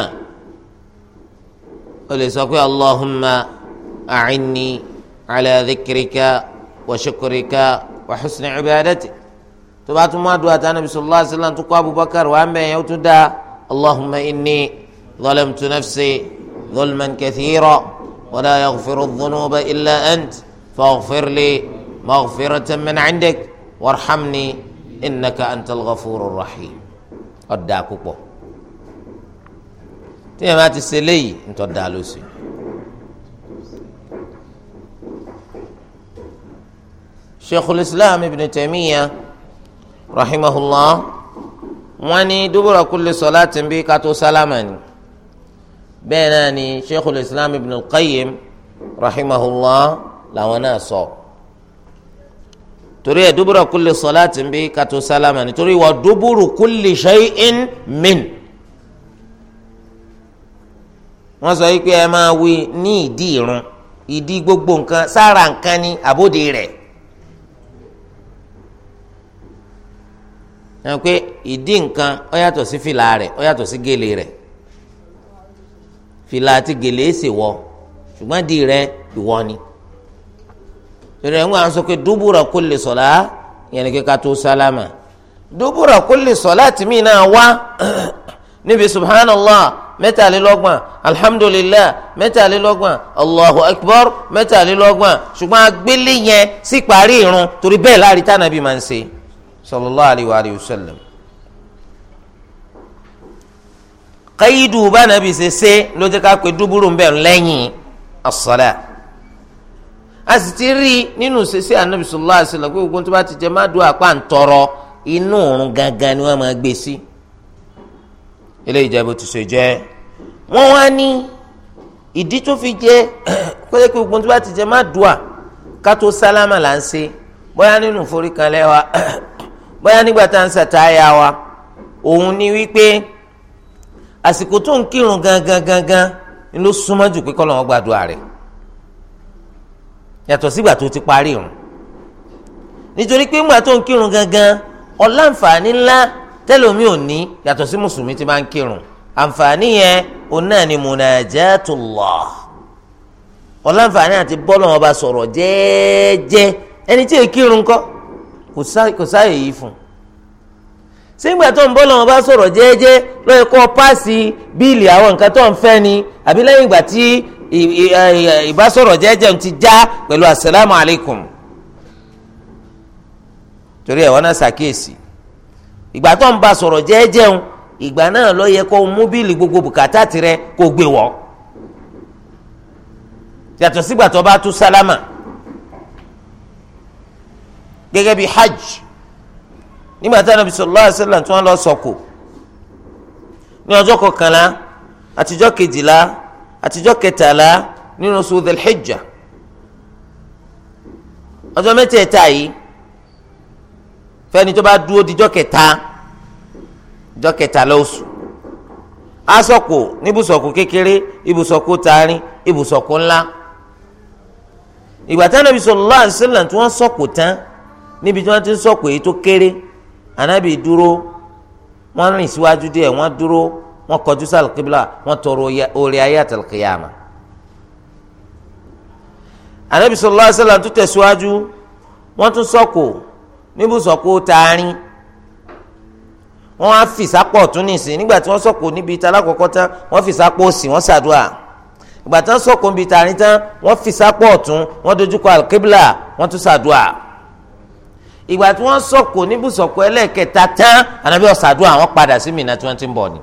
o lè sọ pé allahumma a'inni ala dhikrika wa shukrika wa husni ibadati tó bá tún mú àdúrà tánàbí sallallahu alaihi wasallam tó kọ́ abubakar wà mẹ́yìn ó tún dá allahumma inni zalamtu nafsi zulman kathira wa la yaghfiru dhunuba ant faghfir li maghfiratan min 'indik warhamni innaka antal ghafurur rahim ọ̀dà púpọ̀ tí yẹn bá ti ṣe léyìí ntọ́ da ló sùn. sheikhul islam ibn taymiya rahimahullah wọ́n ní dubura kulli salatin bí kátó sálámà ni bẹ́ẹ̀ náà ni sheikhul islam ibn qayyim rahimahullah làwọn náà sọ. So torí ẹ dubura kulli salati bí kàtó sálámà nítorí wà duburu kulli shay'in min. wọ́n sọ wípé ẹ máa wí ní ìdí irun ìdí gbogbo nǹkan sára nǹkan ni àbóde rẹ̀. ẹ pé ìdí nǹkan ó yàtọ̀ sí fìlà rẹ̀ ó yàtọ̀ sí gèlè rẹ̀ fìlà àti gèlè é sì wọ ṣùgbọ́n di rẹ̀ ìwọ ni torí ẹ̀ ń wá sọ pé dubura kulli salat yẹn ni kíkà tó sálámà dubura kulli salati mi náà wá <clears throat> níbi subhanallah mẹ́tàlélọ́gbọ̀n alhamdulillah mẹ́tàlélọ́gbọ̀n allahu akbar mẹ́tàlélọ́gbọ̀n ṣùgbọ́n agbélé yẹn sí parí irun torí bẹ́ẹ̀ láàrin tànàbí máa ń ṣe sallallahu alayhi wa alihi wa sallam. kaidu bá nàbì ṣe ṣe ló jẹ́ ká pé dúbúrú ń bẹ̀ lẹ́yìn as a sì ti rí i nínú ṣẹṣẹ anabi sallallahu pé gbogbo tó bá ti jẹ má dùn àpá ń inú òrùn gangan ni wọn máa gbé sí eléyìí jẹ bó ti ṣe jẹ wọn wá ní ìdí tó fi jẹ <clears throat> pé gbogbo tó bá ti jẹ má dùn à ká tó sálámà là ń ṣe bóyá nínú foríkanlẹ̀ wa <clears throat> bóyá nígbà tá à ń ṣàtàyà wa òun ni wípé àsìkò tó ń kírun gangan gangan ló súnmọ́ jù pé kọ́ lọ́wọ́ gbàdúrà rẹ̀ yàtọ̀ sígbà tó ti parí irun nítorí pé ńgbà tó ń kírun gangan ọ̀làǹfààní ńlá tẹ́lómi ò ní yàtọ̀ sí mùsùlùmí ti máa ń kírun àǹfààní yẹn òun náà ni munajatullah ọ̀làǹfààní àti bọ́lá wọn bá sọ̀rọ̀ jẹ́ẹ́jẹ́ ẹni tí èkírun kọ́ kò sáyè yìí fún un sígbà tó ń bọ́lá wọn bá sọ̀rọ̀ jẹ́ẹ́jẹ́ lọ́yẹ̀ kọ́ bíìlì àwọn nǹkan tó ń fẹ́ ni àbí lẹ́yìn ìgbà tí ìbásọ̀rọ̀ jẹ́jẹ́ ti já pẹ̀lú asalaamu alaykum torí ẹ̀ wọ́n náà ṣàkíyèsí ìgbà tó ń bá sọ̀rọ̀ jẹ́jẹ́ ìgbà náà lọ yẹ kó mú gbogbo bùkátà tirẹ̀ kó gbé wọ̀ yàtọ̀ sígbà tó bá tú sálámà gẹ́gẹ́ hajj nígbà tí tí wọ́n lọ sọ̀kò ní àtijọ́ kẹtàlá nínú oṣù Dhul-Hijja ọjọ́ mẹ́tẹ̀ẹ̀ta yìí fẹ́ni tó bá dúró dijọ́ kẹta dijọ́ kẹtàlá oṣù asọ̀kò níbùsọ̀kò kékeré ibùsọ̀kò taarin ibùsọ̀kò ńlá ìgbà tí anabi sallallahu alaihi wasallam tí wọ́n sọ̀kò tán níbi tí wọ́n ti ń sọ̀kò èyí tó kéré anabi dúró wọ́n rìn síwájú díẹ̀ wọ́n dúró wọn kọjú sí alqibla wọn tọrọ orí ayé àtàlùkìyàmà anabi sallallahu alaihi wasallam tó tẹ̀síwájú wọ́n tún sọ̀kò níbùsọ̀kò taarin wọ́n á fi sápọ̀ tún nìsín nígbà tí wọ́n sọ̀kò níbi talákọ̀ọ́kọ́ tán wọ́n fi sápọ̀ òsì wọ́n ṣàdúrà ìgbà tán sọ̀kò níbi taarin tán wọ́n fi sápọ̀ ọ̀tún wọ́n dojúkọ alqibla wọ́n tún ṣàdúrà ìgbà tí wọ́n sọ̀kò níbùsọ̀kò ẹlẹ́ẹ̀kẹta tán anabi ó ṣàdúrà padà sí Mínà tí wọ́n ti ń bọ̀ ni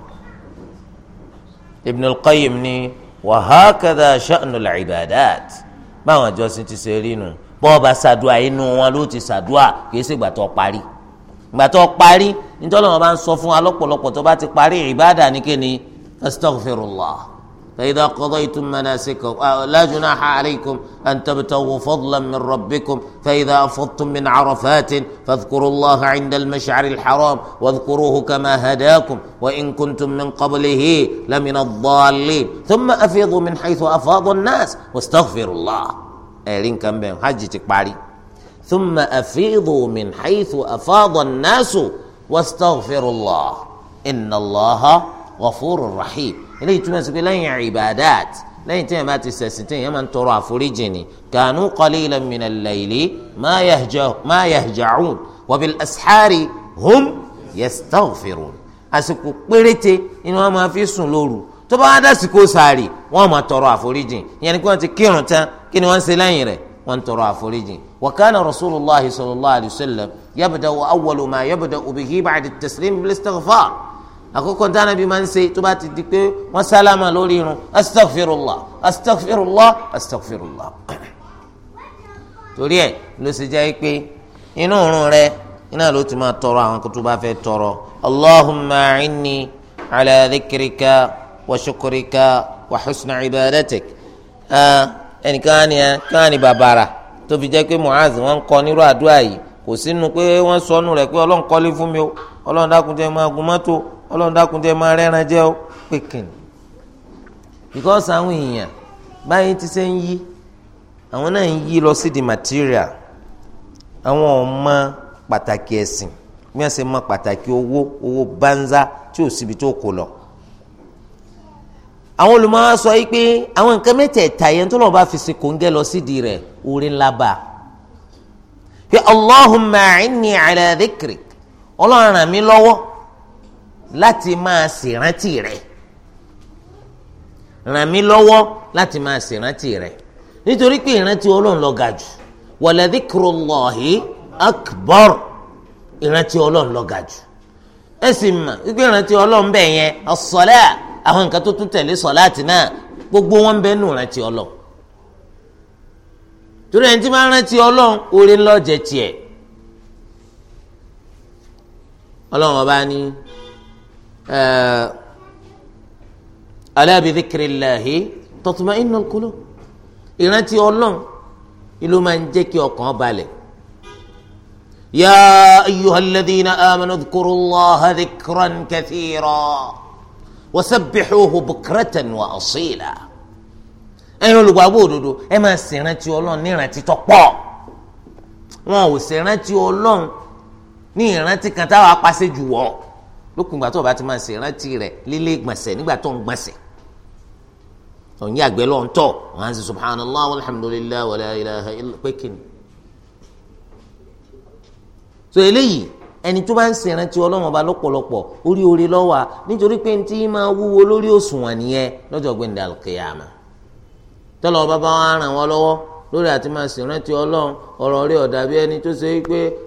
Ibn al-Qayyim ni wa hakadha sha'nul ibadat báwọn àjọsìn ti ṣe rí nu bọ́ọ̀bà ṣàdúà inú wọn ló ti ṣàdúà kì í ṣe ìgbà tó parí ìgbà parí nítorí wọn bá ń sọ fún wa tó bá ti parí ìbáàdà ní astaghfirullah فإذا قضيتم مناسككم آه، لا جناح عليكم أن تبتغوا فضلا من ربكم فإذا أفضتم من عرفات فاذكروا الله عند المشعر الحرام واذكروه كما هداكم وإن كنتم من قبله لمن الضالين ثم أفيضوا من حيث أفاض الناس واستغفروا الله إيه، ثم أفيضوا من حيث أفاض الناس واستغفروا الله إن الله غفور رحيم eléyìí túmọ̀ sí pé lẹ́yìn ibadat lẹ́yìn téèyàn bá ti ṣẹ̀sìn téèyàn máa ń tọrọ àforíjì ni kanu qalilan minal layli ma yahja'un wa bil ashari hum yastaghfirun àsìkò péréte inú wọn máa fi sùn lóru tó bá wá dásìkò sàárì wọn máa tọrọ àforíjì ìyẹn ni pé wọn ti kírun tán kí ni wọn ń ṣe lẹ́yìn rẹ̀ wọn tọrọ àforíjì wakana rasulillah sallallahu alayhi wa sallam yabda awwalu ma yabda bihi ba'da taslim bil istighfar àkọ́kọ́ tí anabi máa ń ṣe tó bá ti di pé wọ́n sálámà lórí irun astaghfirullah astaghfirullah astaghfirullah torí ẹ̀ ló ṣe jẹ́ pé inú òórùn rẹ iná ló ti máa tọrọ àwọn kó tó bá fẹ́ tọrọ allahumma inni ala dhikrika wa shukrika wa husna ibadatik ẹnìkan á ní ẹ kán á ní bàbàrà tó fi jẹ́ pé muaz wọ́n kọ nírú àdúrà yìí kò sínú pé wọ́n sọnù rẹ̀ pé ọlọ́run kọ́lé fún mi o ọlọ́run dákun jẹ́ máa gun mọ́tò ọlọ́run dákun maara máa rẹ́ran jẹ́ ó pé kìnnì because àwọn èèyàn báyìí ti ṣe ń yí àwọn náà ń yí lọ sí di material àwọn ọmọ pàtàkì ẹ̀sìn bí wọ́n ṣe mọ owó owó banza tí ò síbi tó kò lọ àwọn sọ yìí pé àwọn nǹkan mẹ́tẹ̀ẹ̀ta yẹn tó konga bá fi kòńgẹ́ lọ sídìí rẹ̀ orí ala ọlọ́run ràn mí láti máa ṣèrántí rẹ̀ ràn mí lọ́wọ́ láti máa rẹ̀ nítorí pé ìrántí ọlọ́run ló ga jù wala dhikrullahi akbar ìrántí ọlọ́run ló ga jù ẹ sì mọ̀ wípé ìrántí ọlọ́run yẹn as àwọn nǹkan tó tún tẹ̀lé láti náà gbogbo wọn bẹ́ẹ̀ nù ìrántí ọlọ́run torí ẹni tí máa rántí ala bi dhikrillahi tatma'innul qulub ìrántí ọlọ́run ìlú máa ń jẹ́ kí ọkàn balẹ̀. ya ayyuhal ladhina amanu dhkurullaha dhikran kathira wasabbihuhu bukratan wa asila. ẹ̀yin olùgbàgbọ́ òdodo ẹ máa ṣèrántí ọlọ́run ní ìrántí tó pọ̀ wọn ò ṣèrántí ọlọ́run ní ìrántí kan táwọn apàṣẹ jù wọ́n. lókun gbà tó o bá ti máa ṣe rántí rẹ lílé gbọ̀nsẹ̀ nígbà tó ń gbọ̀nsẹ̀ òun yà gbẹ́ lọ́n subhanallah alhamdulillah ilaha so eléyìí ẹni tó bá ń ṣe rántí ọlọ́run ọba lọ́pọ̀lọpọ̀ orí orí lọ́wọ́ nítorí pé ntí máa wúwo lórí òṣùwọ̀n nìyẹn lọ́jọ́ gbẹ̀ndẹ̀ alkiyama tọ́lọ́ ràn wọ́n lọ́wọ́ lórí àti máa sì rántí ọlọ́run ọ̀rọ̀ ọ̀dàbí ẹni tó ṣe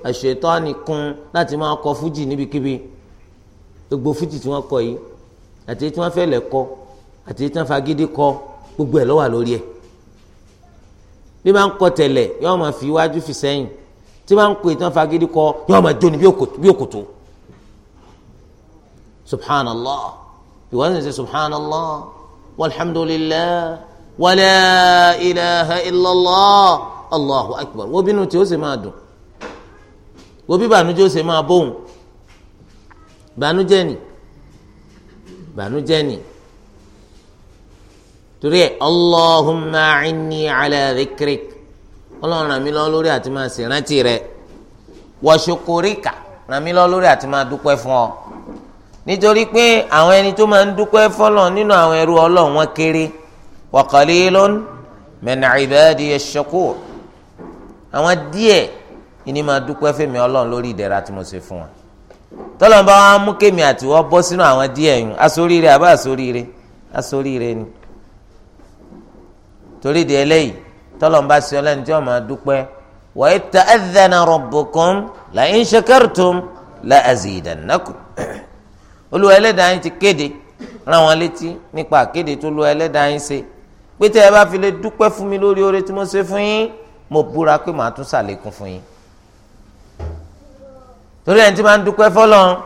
àṣetọ́ láti máa kọ fújì níbikíbi. gbogbo fújì tí wọ́n kọ yìí àti tí wọ́n fẹ́lẹ̀ kọ àti tí wọ́n fagídí kọ gbogbo ẹ̀ ló wà lórí ẹ̀ bí wọ́n kọ tẹ̀lẹ̀ yọ́n máa fi iwájú fi sẹ́yìn tí wọ́n kọ ìtàn fagídí kọ yọ́n máa jóni bí òkòtó subhanallah ìwọ́n sì ń sẹ́ subhanallah walhamdulillah wala ilaha illallah allahu akbar wo bínú tí ó sì máa dùn wo bí bànújẹ́ ó sì máa bóun bànújẹ́ ni bànújẹ́ ni torí ẹ Allahumma inni ala dhikrik Ọlọ́run ràn mí lọ lórí àti máa ṣe rántí rẹ wa shukurika ràn mí lọ lórí àti máa dúpẹ́ fún ọ nítorí pé àwọn ẹni tó máa ń dúpẹ́ fọlọ nínú àwọn ẹrú Ọlọ́run wọn kéré wa qalilun min ibadiya ash-shakur àwọn díẹ̀ ìní máa dúpẹ́ fèmí lórí ìdẹ̀ra tí mo ṣe fún wọn tọ́lọ́n bá wọn mú kémi àtiwọ́ bọ́ sínú àwọn díẹ̀ yùn asoríire àbá asoríire asoríire ni torí di eléyìí tọ́lọ́n bá sí ọlẹ́ni tí wọ́n máa dúpẹ́ wa ta'adhana rabbukum la in shakartum la azidannakum olúwa ẹlẹ́dàá yín ti kéde rán wọn létí nípa àkéde tó lu ẹlẹ́dàá yín ṣe pé ẹ bá fi lè fún mi lórí oore tí mo ṣe fún yín mo búra pé màá tún ṣàlékún fún yín torí ẹni tí máa ń dúpẹ́ fọlọ́n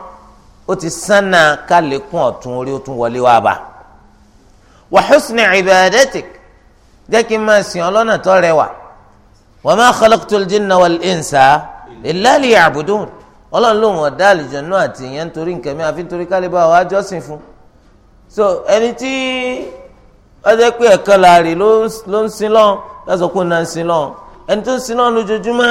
ó ti sánà kálẹ̀kùn ọ̀tún orí ó tún wọlé wá bá wa husni ibadatik jẹ́ kí n máa sìn ọ́ lọ́nà tó rẹwà wa ma khalaqtul jinna wal insa illa liya'budun ọlọ́run lòun ọ̀dá àlùjànnú àti ìyẹn nítorí nkẹ́mi àfi nítorí kálíbà àwọn àjọsìn fún so ẹni tí wọ́n jẹ́ pé ẹ̀kan láàrin ló ń sin lọ́n lọ́sọ̀kún náà ń sin lọ́n ẹni tó ń sin lọ́n lójoojúmọ́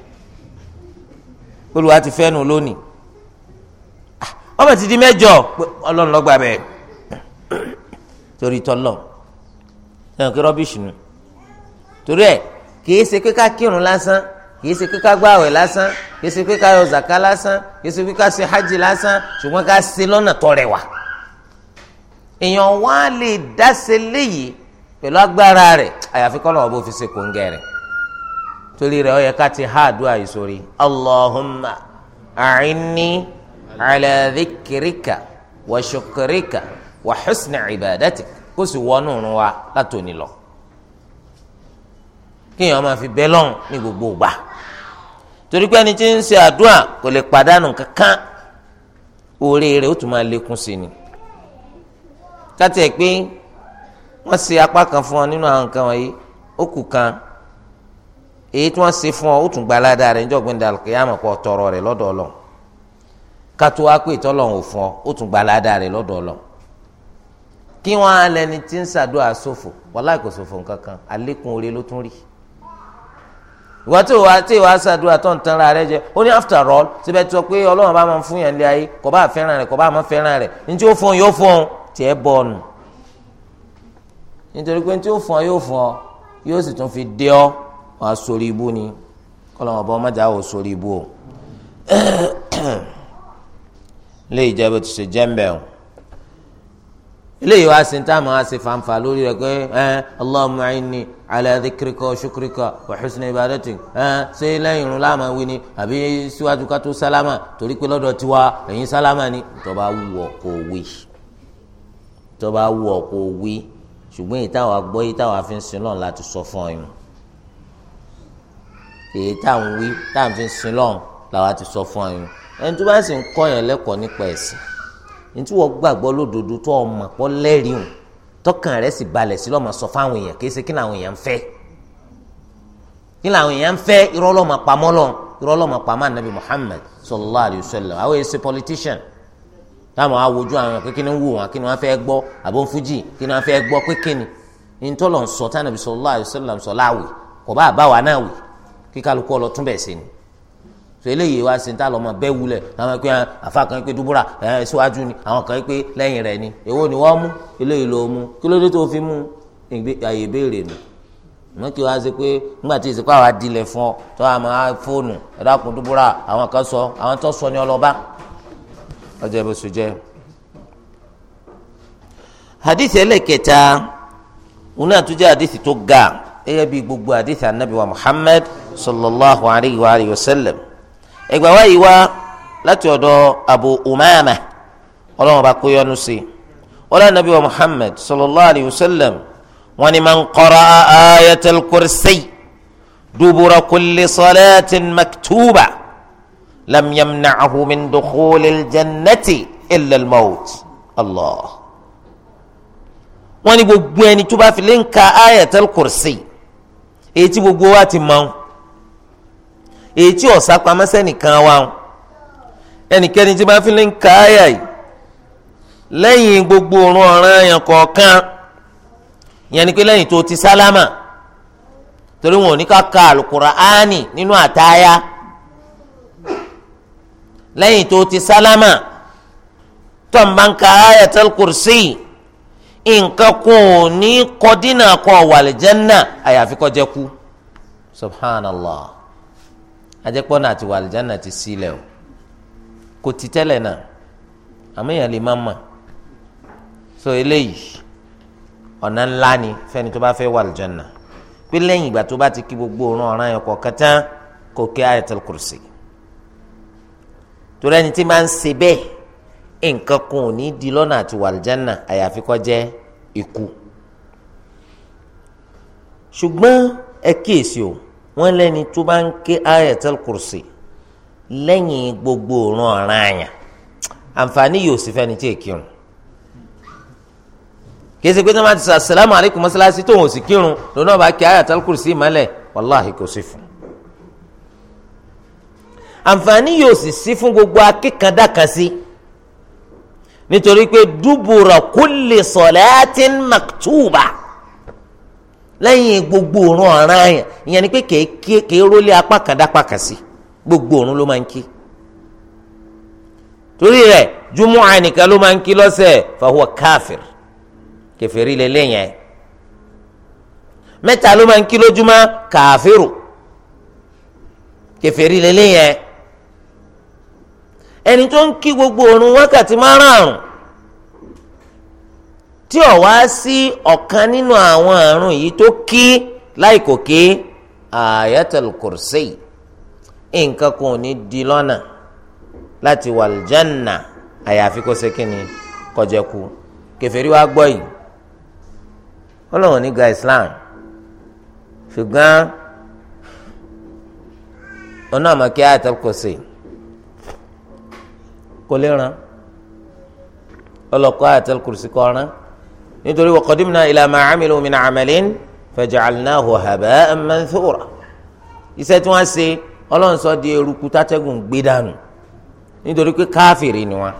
olùwà ti fẹ́ nu lónìí ah, ọmọ ti di mẹ́jọ ọlọ́run lọ́gbà bẹ́ẹ̀ torí tọ́lọ̀ ẹ̀hún kí rọ́bìṣì nù torí ẹ̀ kìí ṣe pé ká kírun lásán kìí ṣe pé ká gbààwẹ̀ lásán kìí ṣe pé ká yọ zàká lásán kìí ṣe pé ká ṣe hajj lásán ṣùgbọ́n ká ṣe lọ́nà tó rẹwà èèyàn wá lè dá ṣe léyìí pẹ̀lú agbára rẹ̀ àyàfi kọ́ lọ́wọ́ bó fi ṣe kòńgẹ́ rẹ̀ torí rẹ̀ ó yẹ ká ti há àdúrà yìí sórí allahumma a'inni ala dhikrika wa shukrika wa husni ibadatik kó sì wọnú òrùn wa látòní lọ kíyàn máa fi bẹ́ lọ́hùn ní gbogbo ìgbà torí pé ẹni tí ń ṣe àdúrà kò lè pàdánù kankan oore ó tún máa lékún sí ni kátẹ́ pé wọ́n ṣe apá kan fún ọ nínú àwọn nǹkan wọ̀nyí ó kù kan èyí tí wọ́n ṣe fún ọ ó tún gba aládàá rẹ̀ níjọ́gbìn dàlùkìyàmọ̀ pọ̀ tọrọ rẹ̀ lọ́dọ̀ ọlọ́ kátó wá pé ìtọ́lọ́hún ò fún ọ ó tún gba aládàá rẹ̀ lọ́dọ̀ ọlọ́ kí wọ́n á lẹni tí ń ṣàdúrà sófò wàláì kò sófò nǹkan kan àlékún ló tún rí ìwọ tí ìwà tí ìwà ṣàdúrà tó ń ra rẹ jẹ ó ní after all síbẹ̀ tí wọ́n pé ọlọ́run bá máa ń fún yàn lé ayé kò bá fẹ́ràn rẹ̀ kò bá máa fẹ́ràn rẹ̀ ní tí ó fún yóò fún ọ tiẹ̀ bọ̀ ọ̀nù nítorí pé ní tí ó fún ọ yóò fún ọ yóò sì tún fi dé ọ wọn á sórí ibú ni kọlọmọ bọ mọjà ò sórí ibú o ilé <coughs> ìjẹbù ti ṣe jẹmbẹ o ilé ìwà sèǹtàmù á ṣe fanfa lórí rẹ pé ẹ Allahumma inni ala dhikrika wa shukrika wa husni ibadatik ẹ ṣé lẹ́yìn irun láàmà wí ni àbí síwájú ká tó sálámà torí pé lọ́dọ̀ tiwa ẹ̀yin sálámà ni tó bá kó wí tó bá kó wí ṣùgbọ́n ìtawà gbọ́ ìtawà fi ń sin náà láti sọ fún ọyún èyí táwọn wí táwọn fi ń sin lọ́hùn làwa ti sọ fún ẹ̀yin ẹni tó bá sì ń kọ́ yẹn lẹ́kọ̀ọ́ nípa ẹ̀sìn ní tí wọ́n gbàgbọ́ lódodo tó ọmọ pọ́ lẹ́rìí hùn tọkàn rẹ̀ sì balẹ̀ sí lọ́mọ sọ fáwọn èèyàn kì ṣe kí làwọn èèyàn ń fẹ́ kí làwọn èèyàn ń fẹ́ irọ́ lọ́mọ pamọ́ lọ irọ́ lọ́mọ pamọ́ anabi Muhammad sallallahu alayhi wa sallam àwọn èsì politician táwọn awojú àwọn pé kí ni ń wù wọn kí ni wọ́n fẹ́ gbọ́ àbọn fújì kí ni wọ́n fẹ́ gbọ́ pé kí ni ní ń sọ tánàbí sallallahu alayhi wa sallam sọ láwì kò bá àbáwá náà wì kí kálukú ọlọ tún bẹ̀ sí ni so eléyìí wá sí ní tálọ́ ọmọ bẹ́ẹ̀ wulẹ̀ àwọn pé ah, àfa kan pé dúbúrà ẹ̀ eh, síwájú ni àwọn kan pé lẹ́yìn rẹ̀ ni èwo ni wọ́n mú eléyìí ló mú kí ló dé tó fi mú àyè béèrè nù mọ kí wá sí pé nígbà tí ìsìnkú àwa dilẹ̀ fún ọ tó àmọ́ fóònù ẹ̀dá dúbúrà àwọn kan sọ àwọn tó sọ ni ọlọ́ba ọjọ́ ìbò sùn hadith ẹlẹ́kẹta òun náà tún jẹ́ hadith tó ga ẹyẹ bíi gbogbo àdìsí anabi wa muhammad sallallahu alayhi wa alayhi wa sallam ẹgbà wa yìí wá láti ọ̀dọ̀ abu umama ọlọ́run bá kóyọ́nu sí i ọlọ́run anabi wa muhammad sallallahu alayhi wa sallam wọn ni man qara'a ayatul kursi dubura kulli salatin maktuba lam yamna'ahu min dukhulil jannati illa al allah wọn gbogbo ẹni tó bá fi lè ń ka ayatul kursi èyí tí gbogbo wa ti mọ̀ èyí tí ọ̀sá pamọ́ sẹ́nìkan wa ẹnikẹ́ni tí bá fi lè ń ka àyà yìí lẹ́yìn gbogbo òrùn ọ̀ràn yẹn kọ̀ọ̀kan yẹn ni pé lẹ́yìn tó ti sálámà torí wọn ò ní ká ka àlùkùránì nínú àtayá lẹ́yìn tó ti sálámà tó ń bá ń ka àyàtul kùrsì yìí nǹkan kan ò ní kọdínà kan wà àlìjẹ́nà àyàfi kó jẹ́ kú subhanallah ajẹ́pọ̀ náà ti wà àlìjẹ́nà ti sílẹ̀ o kò ti tẹ́lẹ̀ náà àmọ́ èèyàn lè má mà so eléyìí ọ̀nà ńlá ni fẹ́ni tó bá fẹ́ wà àlìjẹ́nà pé lẹ́yìn ìgbà tó bá ti kí gbogbo òórùn ọ̀ràn yẹn kọ̀ọ̀kan tán kò kí ayatul kursi torí ẹni tí máa ń ṣe bẹ́ẹ̀ nǹkan kan ò ní di lọ́nà àti wàlìjánà àyàfi kó jẹ́ ikú ṣùgbọ́n ẹ kíyèsí o wọ́n lẹ́ni tó bá ń ké ayatul kursi lẹ́yìn gbogbo òrùn ọ̀ràn àyàn àǹfààní yóò sì fẹ́ni tí èkìrùn kìí ṣe pé tí wọ́n ti sọ asalaamu alaykum mọ́sálásí tóun ò sì kírun lòun náà ké ayatul kursi mọ́lẹ̀ wàláhì kò sí fún àǹfààní yóò sì sí fún gbogbo akẹ́kọ̀ọ́ dákàsí nítorí pé dúbúrà kulli salatin maktuba lẹ́yìn gbogbo òrùn ọ̀ràn àyàn ìyẹn ni pé kèé rólé apá kan dápá kan sí gbogbo òrùn ló máa ń kí torí rẹ̀ jumu'a nìkan ló máa ń kí lọ́sẹ̀ fa huwa kẹfẹ́rí lélẹ́yìn ẹ̀ mẹ́ta ló máa ń kí lójúmọ́ káfíìrù kẹfẹ́rí lélẹ́yìn ẹ̀ ẹni tó ń kí gbogbo òrun wákàtí márààrún tí ó wá sí ọ̀kan nínú àwọn àrùn yìí tó kí láì kò kí ayatul kursi nǹkan kan ò ní di lọ́nà láti wàlìjánà àyàfi kó ṣe kí ni kọjá ku kèfèrí wa gbọ́ yìí ọlọ́run ní ga islam ṣùgbọ́n ọ̀nà àmọ́ kí kursi kò lè ràn ọlọ́kọ́ àti kùrùsì kọ́ ràn nítorí wa qadimna ila ma amilu min amalin faja'alnahu haba'an manthura iṣẹ́ tí wọ́n ṣe ọlọ́run sọ di eruku tátẹ́gùn gbé dànù nítorí pé káfìrí ni wọn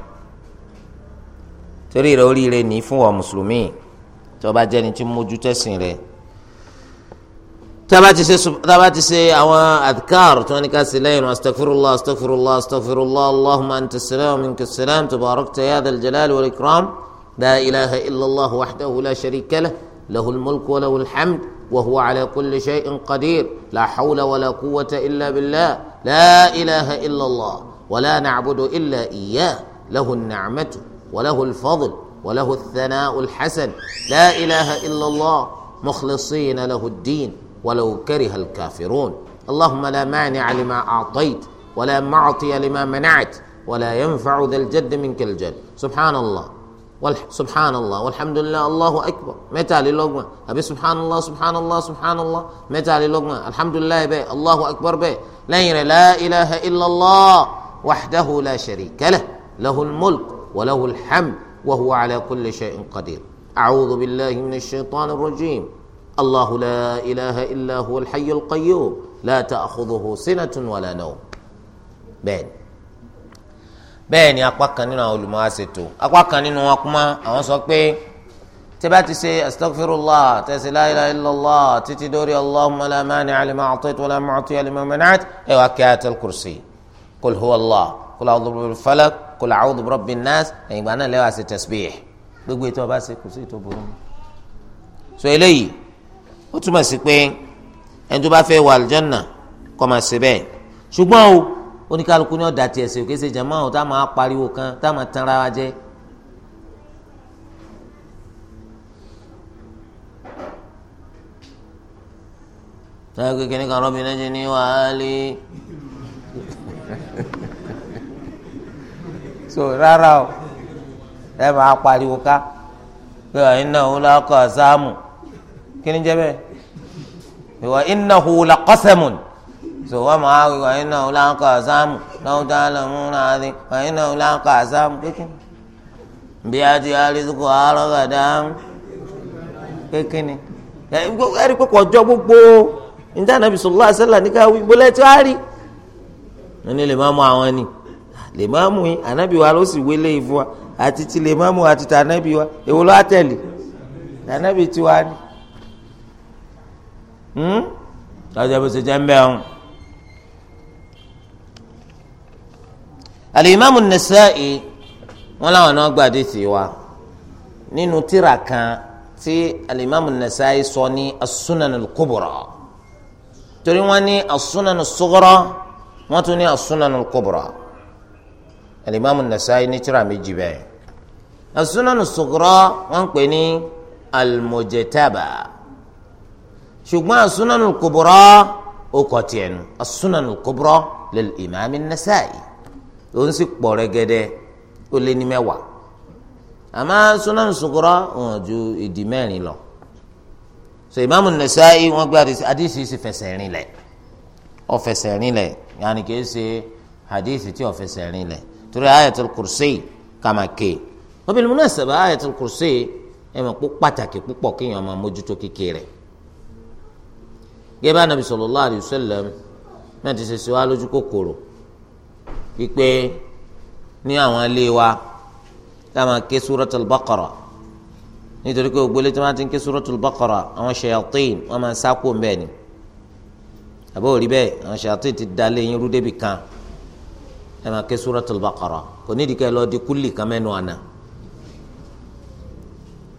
torí rẹ oríire ní fún wa mùsùlùmí tó bá jẹ́ni tí mójútẹ́sìn rẹ̀ تباتي سي سب... تباتي سي او اذكار توني كاسي لين واستغفر الله استغفر الله استغفر الله اللهم انت السلام منك السلام تباركت يا ذا الجلال والاكرام لا اله الا الله وحده لا شريك له له الملك وله الحمد وهو على كل شيء قدير لا حول ولا قوه الا بالله لا اله الا الله ولا نعبد الا اياه له النعمه وله الفضل وله الثناء الحسن لا اله الا الله مخلصين له الدين ولو كره الكافرون اللهم لا مانع لما اعطيت ولا معطي لما منعت ولا ينفع ذا الجد منك الجد سبحان الله سبحان الله والحمد لله الله اكبر متى للغمه ابي سبحان الله سبحان الله سبحان الله متى للغمه الحمد لله به الله اكبر به لا لا اله الا الله وحده لا شريك له له الملك وله الحمد وهو على كل شيء قدير اعوذ بالله من الشيطان الرجيم الله لا إله إلا هو الحي القيوم لا تأخذه سنة ولا نوم بين bẹ́ẹ̀ ni apá kan nínú àwọn olùmọ̀ àṣetò apá kan nínú wọn kúmọ́ àwọn sọ pé tẹ́ bá ti ṣe astaghfirullah tẹ́ ṣe la ilaha illallah títí dórí allahumma la mani'a lima a'tayta wa la mu'tiya lima mana'ta ẹ̀ wá kí ayatul kursi qul huwa allah qul a'udhu birabbil falaq qul a'udhu nas ẹ̀yìn náà lẹ́wọ̀ àṣẹ tasbih gbogbo ètò ọba ṣe kùsì tó burú. sọ eléyìí ó túmọ̀ sí pé ẹni tó bá fẹ́ wà àlùjọ́nà kọ́ máa ṣe bẹ́ẹ̀ ṣùgbọ́n o oníkálukú ni ọ̀dà tiẹ̀ sí òkè ṣe jàmọ́ àwọn táwọn máa pariwo kan táwọn máa tanra wa jẹ́ sáyẹn kékeré ní kan rọ́bì náà jẹ́ ní wàhálì <laughs> so rárá o ẹ máa pariwo ká pé àyínà òun lákọ̀ sáàmù kí ni jẹ́ bẹ́ẹ̀ ìwà innahu laqasamun so wọ́n máa wí wà innahu laqasamun law ta'lamuna àdé wà innahu laqasamun kékeré bí a ti arísìkò àárọ̀gàdá kékeré ẹ̀rí pé kọjọ́ gbogbo níta nàbì sallallahu alaihi wasallam níka wí bọ́lá tí wàá rí wọ́n ní lè má mú àwọn ni lè má mú yín ànábì wa ló sì wélé ìfún wa àti ti lè má mú àti tànábì wa èwo ló á tẹ̀lé tànábì ni lọ́jọ́ hmm? bó ṣe jẹ́ ń bẹ́ẹ̀ hàn. alimami nasa'i wọn làwọn náà gbàdé sí wa nínú tírà kan tí alimami nasa'i sọ ní asunan kubra torí wọn ní asunan sughra wọn tún ní asunan kubra alimami nasa'i ní tírà méjì bẹ́ẹ̀ asunan sughra wọn pè ní almujetaba ṣùgbọ́n asúnánù kòbúrọ́ ó kọ̀ tiẹ̀ nu asúnánù kòbúrọ́ lil Imam An-Nasa'i òun sì pọ̀ rẹ́gẹ́dẹ́ ó lé ní mẹ́wàá àmọ́ asúnánù sùkúrọ́ òun ju ìdí mẹ́rin lọ so Imam An-Nasa'i wọ́n gbé àdìsí sì fẹsẹ̀ rìn lẹ̀ ó fẹsẹ̀ rìn lẹ̀ yàní kìí ṣe àdìsí tí ó fẹsẹ̀ rìn lẹ̀ torí Ayatul Kursi kàmá kéè wabil munasaba ayatul kursi ẹ mọ̀ pàtàkì púpọ̀ kéèyàn máa mójútó kékeré gẹ́gẹ́ bá nàbì sallallahu alayhi wa sallam náà ti ṣe sí wa lójú kòkòrò wípé ní àwọn ilé wa ká máa ké suratul baqara nítorí pé gbogbo ilé tí wọ́n ti ń ké suratul baqara àwọn shayatin wọ́n máa ń sáko mbẹ́ ni àbí òrí bẹ́ẹ̀ àwọn shayatin ti da lé rú débi kan ẹ máa ké suratul baqara kò nídìí ká ẹ di kúlì kan mẹ́nu àná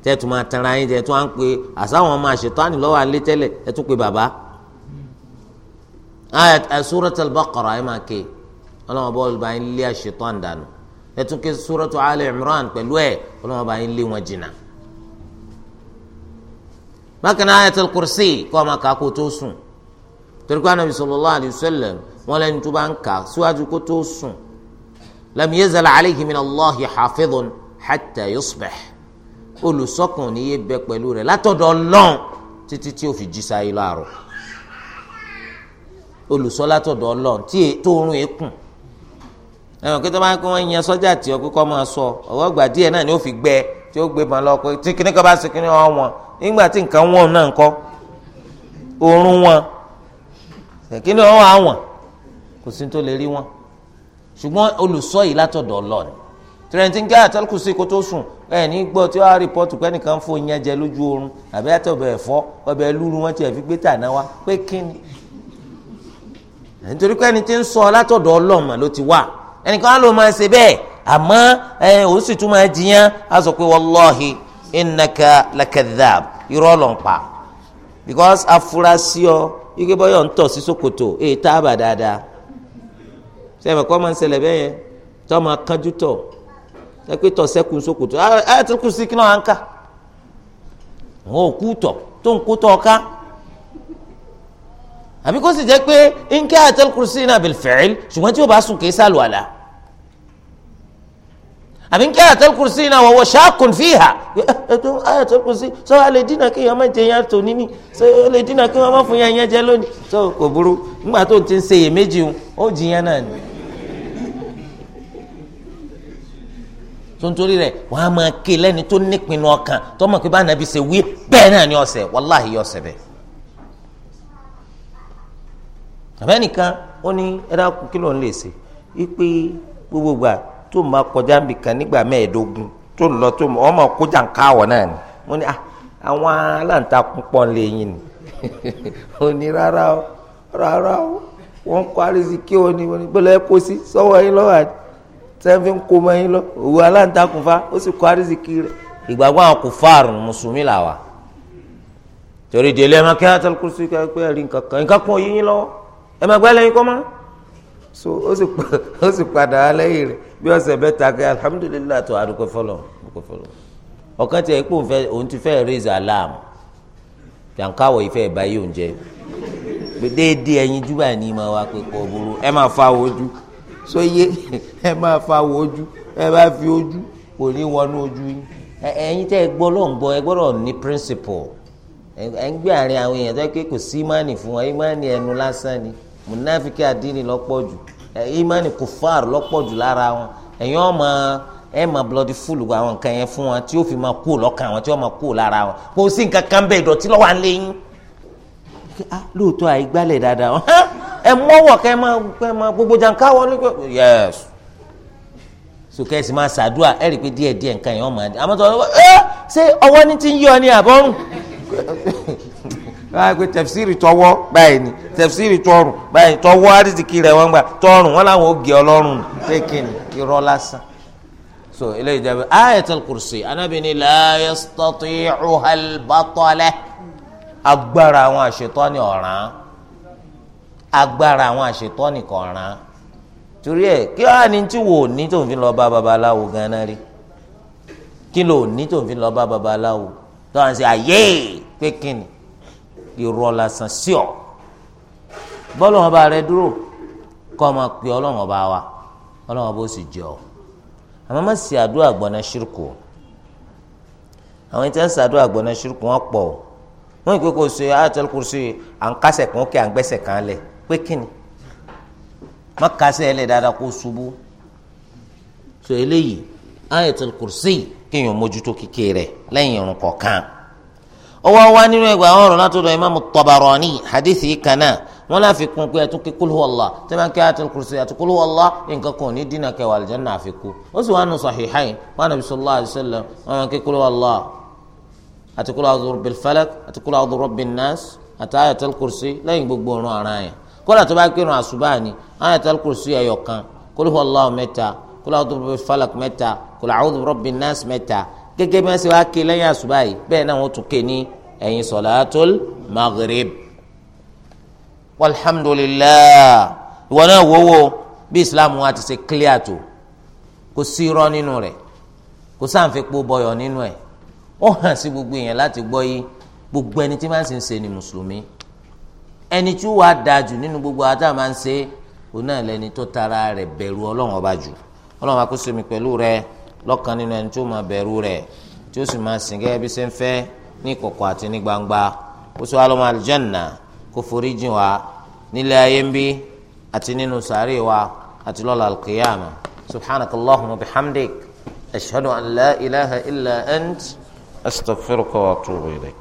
tẹ́tù máa tanra yín tẹ́tù á ń pe àsáwọn ọmọ àṣetọ́ ànilọ́wọ́ alẹ́ tẹ́lẹ̀ ẹ tún pe bàbá ayat eh, suratul baqara ẹ máa ké ọlọ́wọ́n bọ́ọ̀lù bá yín lé àṣetán dànù ẹ tún ké suratu ali imran pẹ̀lú ẹ ọlọ́wọ́n bá yín lé wọn jìnnà. bákan náà ayatul kursi kọ́ ọ máa kà á kó tó sùn torí pé anabi sallallahu alayhi wa sallam wọn lẹni tó bá ń kà síwájú kó tó sùn lam yazal alayhi min allahi hafidhun hatta yusbih olùsọ́kàn níye bẹ pẹ̀lú rẹ̀ látọ̀dọ̀ ọlọ́run títí tí ó fi jí sáyé láàárọ̀ olùsọ látọ̀dọ̀ Ọlọ́run tí e, tóorun yẹn kùn ẹ̀wọ̀n kí tó bá ń kó wọn yan sọ́jà tí ọkọ kọ́ máa sọ ọwọ́ gbà díẹ̀ náà ni ó fi gbẹ tí ó gbé ban lọ pé tí kíní kan bá ṣe kíní wọn wọn nígbà tí nǹkan wọn náà ń kọ́ oorun wọn kíní wọn wà wọn kò sí tó lè rí wọn ṣùgbọ́n olùsọ yìí látọ̀dọ̀ Ọlọ́run tìrẹ̀ntì ń gé àtàlùkù sí kó tó sùn ẹ̀ ní gbọ́ tí wọ́n á rìpọ́tù pé nìkan fún oyin ẹ̀jẹ̀ lójú oorun àbí àtọ̀bẹ̀ ẹ̀fọ́ ọbẹ̀ lúru wọn tiẹ̀ fi gbé tàná wa pé kíni nítorí pé ẹni tí ń sọ látọ̀dọ̀ ọlọ́mọ ló ti wà ẹnìkan á ló máa ṣe bẹ́ẹ̀ àmọ́ ẹ òun sì tún máa jiyàn á sọ pé wallahi innaka lakadhab irọ́ ló ń pa because afurasí ọ ike bọ́yọ̀ ń tọ̀ sí sokoto èyí tá a bà dáadáa sẹ́mi kọ́ máa ń ṣẹlẹ̀ bẹ́ẹ̀ yẹn tọ́ máa kánjú tọ̀ ẹ pé tọ̀ sẹ́kùn sokoto ẹ ti kù sí kí náà á ń kà wọn ò kú tọ̀ tó ń kú tọ̀ ká àbí kó sì jẹ́ pé nkẹ́ àtẹ́l kùrùsí náà bil fi'l ṣùgbọ́n tí o bá sùn kì í sálù àlá àbí nkẹ́ àtẹ́l kùrùsí náà wọ́wọ́ ṣáàkùn fíhà àtẹ́l kùrùsí sọ alẹ́ dínà kí wọ́n má jẹ yẹn tó níní sọ alẹ́ dínà kí wọ́n má fún yẹn yẹn jẹ lónìí sọ kò burú nígbà tó ti ń ṣe iyèméjì o ó jí yẹn náà ni. tontori rẹ wọn máa ké lẹ́ni tó nípinnu ọkàn tó mọ̀ pé bá àbẹ́nìkan ó ní ẹ̀dá kù kí ló ń lè ṣe wípé gbogbo gbà tó ń bá kọjá nbì kan nígbà mẹ́ẹ̀ẹ́dógún tó ń lọ tó ń ọmọ kójà ń káwọ̀ náà ni mo ní ah, àwọn aláǹtakùn pọ̀ ń lè yín ni <laughs> ó ní rárá o rárá o wọ́n kọ́ àrísí kí o ní gbọ́dọ̀ ẹ kó sí sọ́wọ́ yín lọ́wọ́ àti sẹ́ńfì ń kó mọ́ yín lọ òwú aláǹtakùn fa ó sì kọ́ àrísí kí rẹ̀ ìgbàgbọ́ àwọn kò fáàrùn mùsùlùmí làwà torí délé ẹ̀ máa kí á tẹ́lẹ̀ kó sí ká pé nǹkan kan nǹkan kan yín lọ́wọ́ ẹ máa gbá lẹ́yìn kọ́ so ó sì padà wá lẹ́yìn rẹ̀ bí ọ̀sẹ̀ mẹ́ta kẹ́ alhamdulilayi tó adúgbò fọlọ́ adúgbò fọlọ́ ọ̀kan tiẹ̀ ipò òun ti fẹ́ raise alarm jàǹkáwọ̀ ìfẹ́ ìbáyé oúnjẹ déédéé ẹyin jú báyìí ní ma wá pé kò burú ẹ máa fa ojú sóyè <laughs> ẹ máa fa ojú ẹ bá fi ojú kò ní wọnú ojú yín ẹ̀yin tẹ́ ẹ gbọ́ ló ń gbọ́ ẹ gbọ́dọ̀ ní principle ẹ ń gbé àárín àwọn èèyàn tó ké kò fún wọn ìmánì ẹnu lásán ni munafiki adini lọ́pọ̀jù imani kufar lọ́pọ̀jù lára wọn ẹ̀yin ọmọ ẹ máa blọdi fúlù àwọn nǹkan yẹn fún wọn tí ó fi máa kú lọ́kàn wọn tí ó máa kú lára wọn kò sí nǹkan kan bẹ́ẹ̀ ìdọ̀tí lọ́wọ́ à ń léyìn ah, lóòótọ́ àìgbálẹ̀ dáadáa <laughs> ẹ mọ́wọ́ kẹ́ ẹ máa gbogbo jàǹkáwọ́ ní yẹ́s sókè ẹ̀sìn máa ṣàdúrà ẹ̀ rí i pé díẹ̀ díẹ̀ nǹkan yẹn ọmọ àdé àmọ́ tó ṣe ọwọ́ ní ti ń yọ ni àbọ̀rùn <laughs> wọ́n á pe tẹ̀fsírì tọwọ́ báyìí ni tẹ̀fsírì tọrùn báyìí tọwọ́ àdìsíkì rẹ̀ wọ́n gbà tọrùn wọ́n làwọn ò gé ọlọ́run pékin lásán. so ilé ìjàmbá ayatul kursi anabi ni la yastati'uha al agbára àwọn àṣetọ́ni ọ̀ràn agbára àwọn àṣetọ́ni kọ̀ọ̀ràn torí ẹ kí wàá ní tí wò ní tó ń fi lọ bá babaláwo ganan rí kí lò ní tó ń fi lọ bá babaláwo tó à ń sẹ ayé pé irọ́ lásán sí ọ bọ́ọ̀lù wọn bá rẹ dúró kọ́ ọ máa pè ọlọ́wọ́n bá wa ọlọ́wọ́n bó sì jẹ ọ àmọ́ má sì àdúrà gbọ́ná ṣírkù àwọn ìtẹ́ ń sàdúrà gbọ́ná ṣírkù wọn pọ̀ o wọ́n ìpè kò ṣe Ayatul Kursi à ń kásẹ̀ kún kí à ń gbẹ́sẹ̀ kan lẹ̀ pé kíni má kásẹ̀ ẹ̀ lẹ̀ dáadáa kó ṣubú so eléyìí Ayatul Kursi kéèyàn mójútó kíkè rẹ̀ lẹ́yìn irun kọ̀ọ̀kan ọwọ́ wa nínú ẹgbẹ́ àwọn ọ̀rọ̀ látọ̀dọ̀ imaamu Tabarani hadith yìí kan náà wọn láfi kún pé ẹtún kíkúl hu Allah tẹ́lẹ̀ kí ayatul kursi àtikúl hu Allah nǹkan kan ní dínà kẹwàá aljanna àfikún ó sì wà nù sahihayn wọn nàbí sallallahu alayhi wa sallam wọn máa kíkúl hu Allah àtikúl a'udhu bi rabbil falaq àtikúl a'udhu bi rabbin nas àti ayatul kursi lẹ́yìn gbogbo ọ̀run ara yẹn kódà tó bá kírun àṣùbà ni ayatul kursi ẹ̀yọ̀ kan mẹ́ta kúl a'udhu bi rabbil mẹ́ta kúl a'udhu bi rabbin mẹ́ta gẹ́gẹ́ bí wọ́n ṣe wáá ké lẹ́yìn àṣùbà yìí bẹ́ẹ̀ náà wọ́n tún ké ní ẹ̀yìn sọ̀làtòl maghrib alhamdulilah ìwọ náà wọ́wọ́ bí islam wa ti ṣe clear tó kò sí irọ́ nínú rẹ̀ kò sáǹfẹ̀pọ̀ bọyọ̀ nínú ẹ̀ ó hàn sí gbogbo èèyàn láti gbọ́ yìí gbogbo ẹni tí máa ń ń ṣe ni mùsùlùmí ẹni tí wàá da jù nínú gbogbo àtà máa ń ṣe òun náà lẹni tó tara rẹ̀ bẹ̀rù ọlọ́run ọba jù ọlọ́run akóso mi pẹ̀lú rẹ̀ lọ́kàn nínú ẹni tí ó máa bẹ̀rù rẹ̀ tí ó sì máa sìn gẹ́gẹ́ bí ṣe ń fẹ́ ní ìkọ̀kọ̀ àti ní gbangba ó sọ alọ́mọ alìjẹ́nà kó forí jìn wá nílé ayé ń bí àti nínú sàárè wa àti lọ́la alqiyama subhanaka allahumma bihamdik ashhadu an la ilaha illa ant astaghfiruka wa atubu ilayk.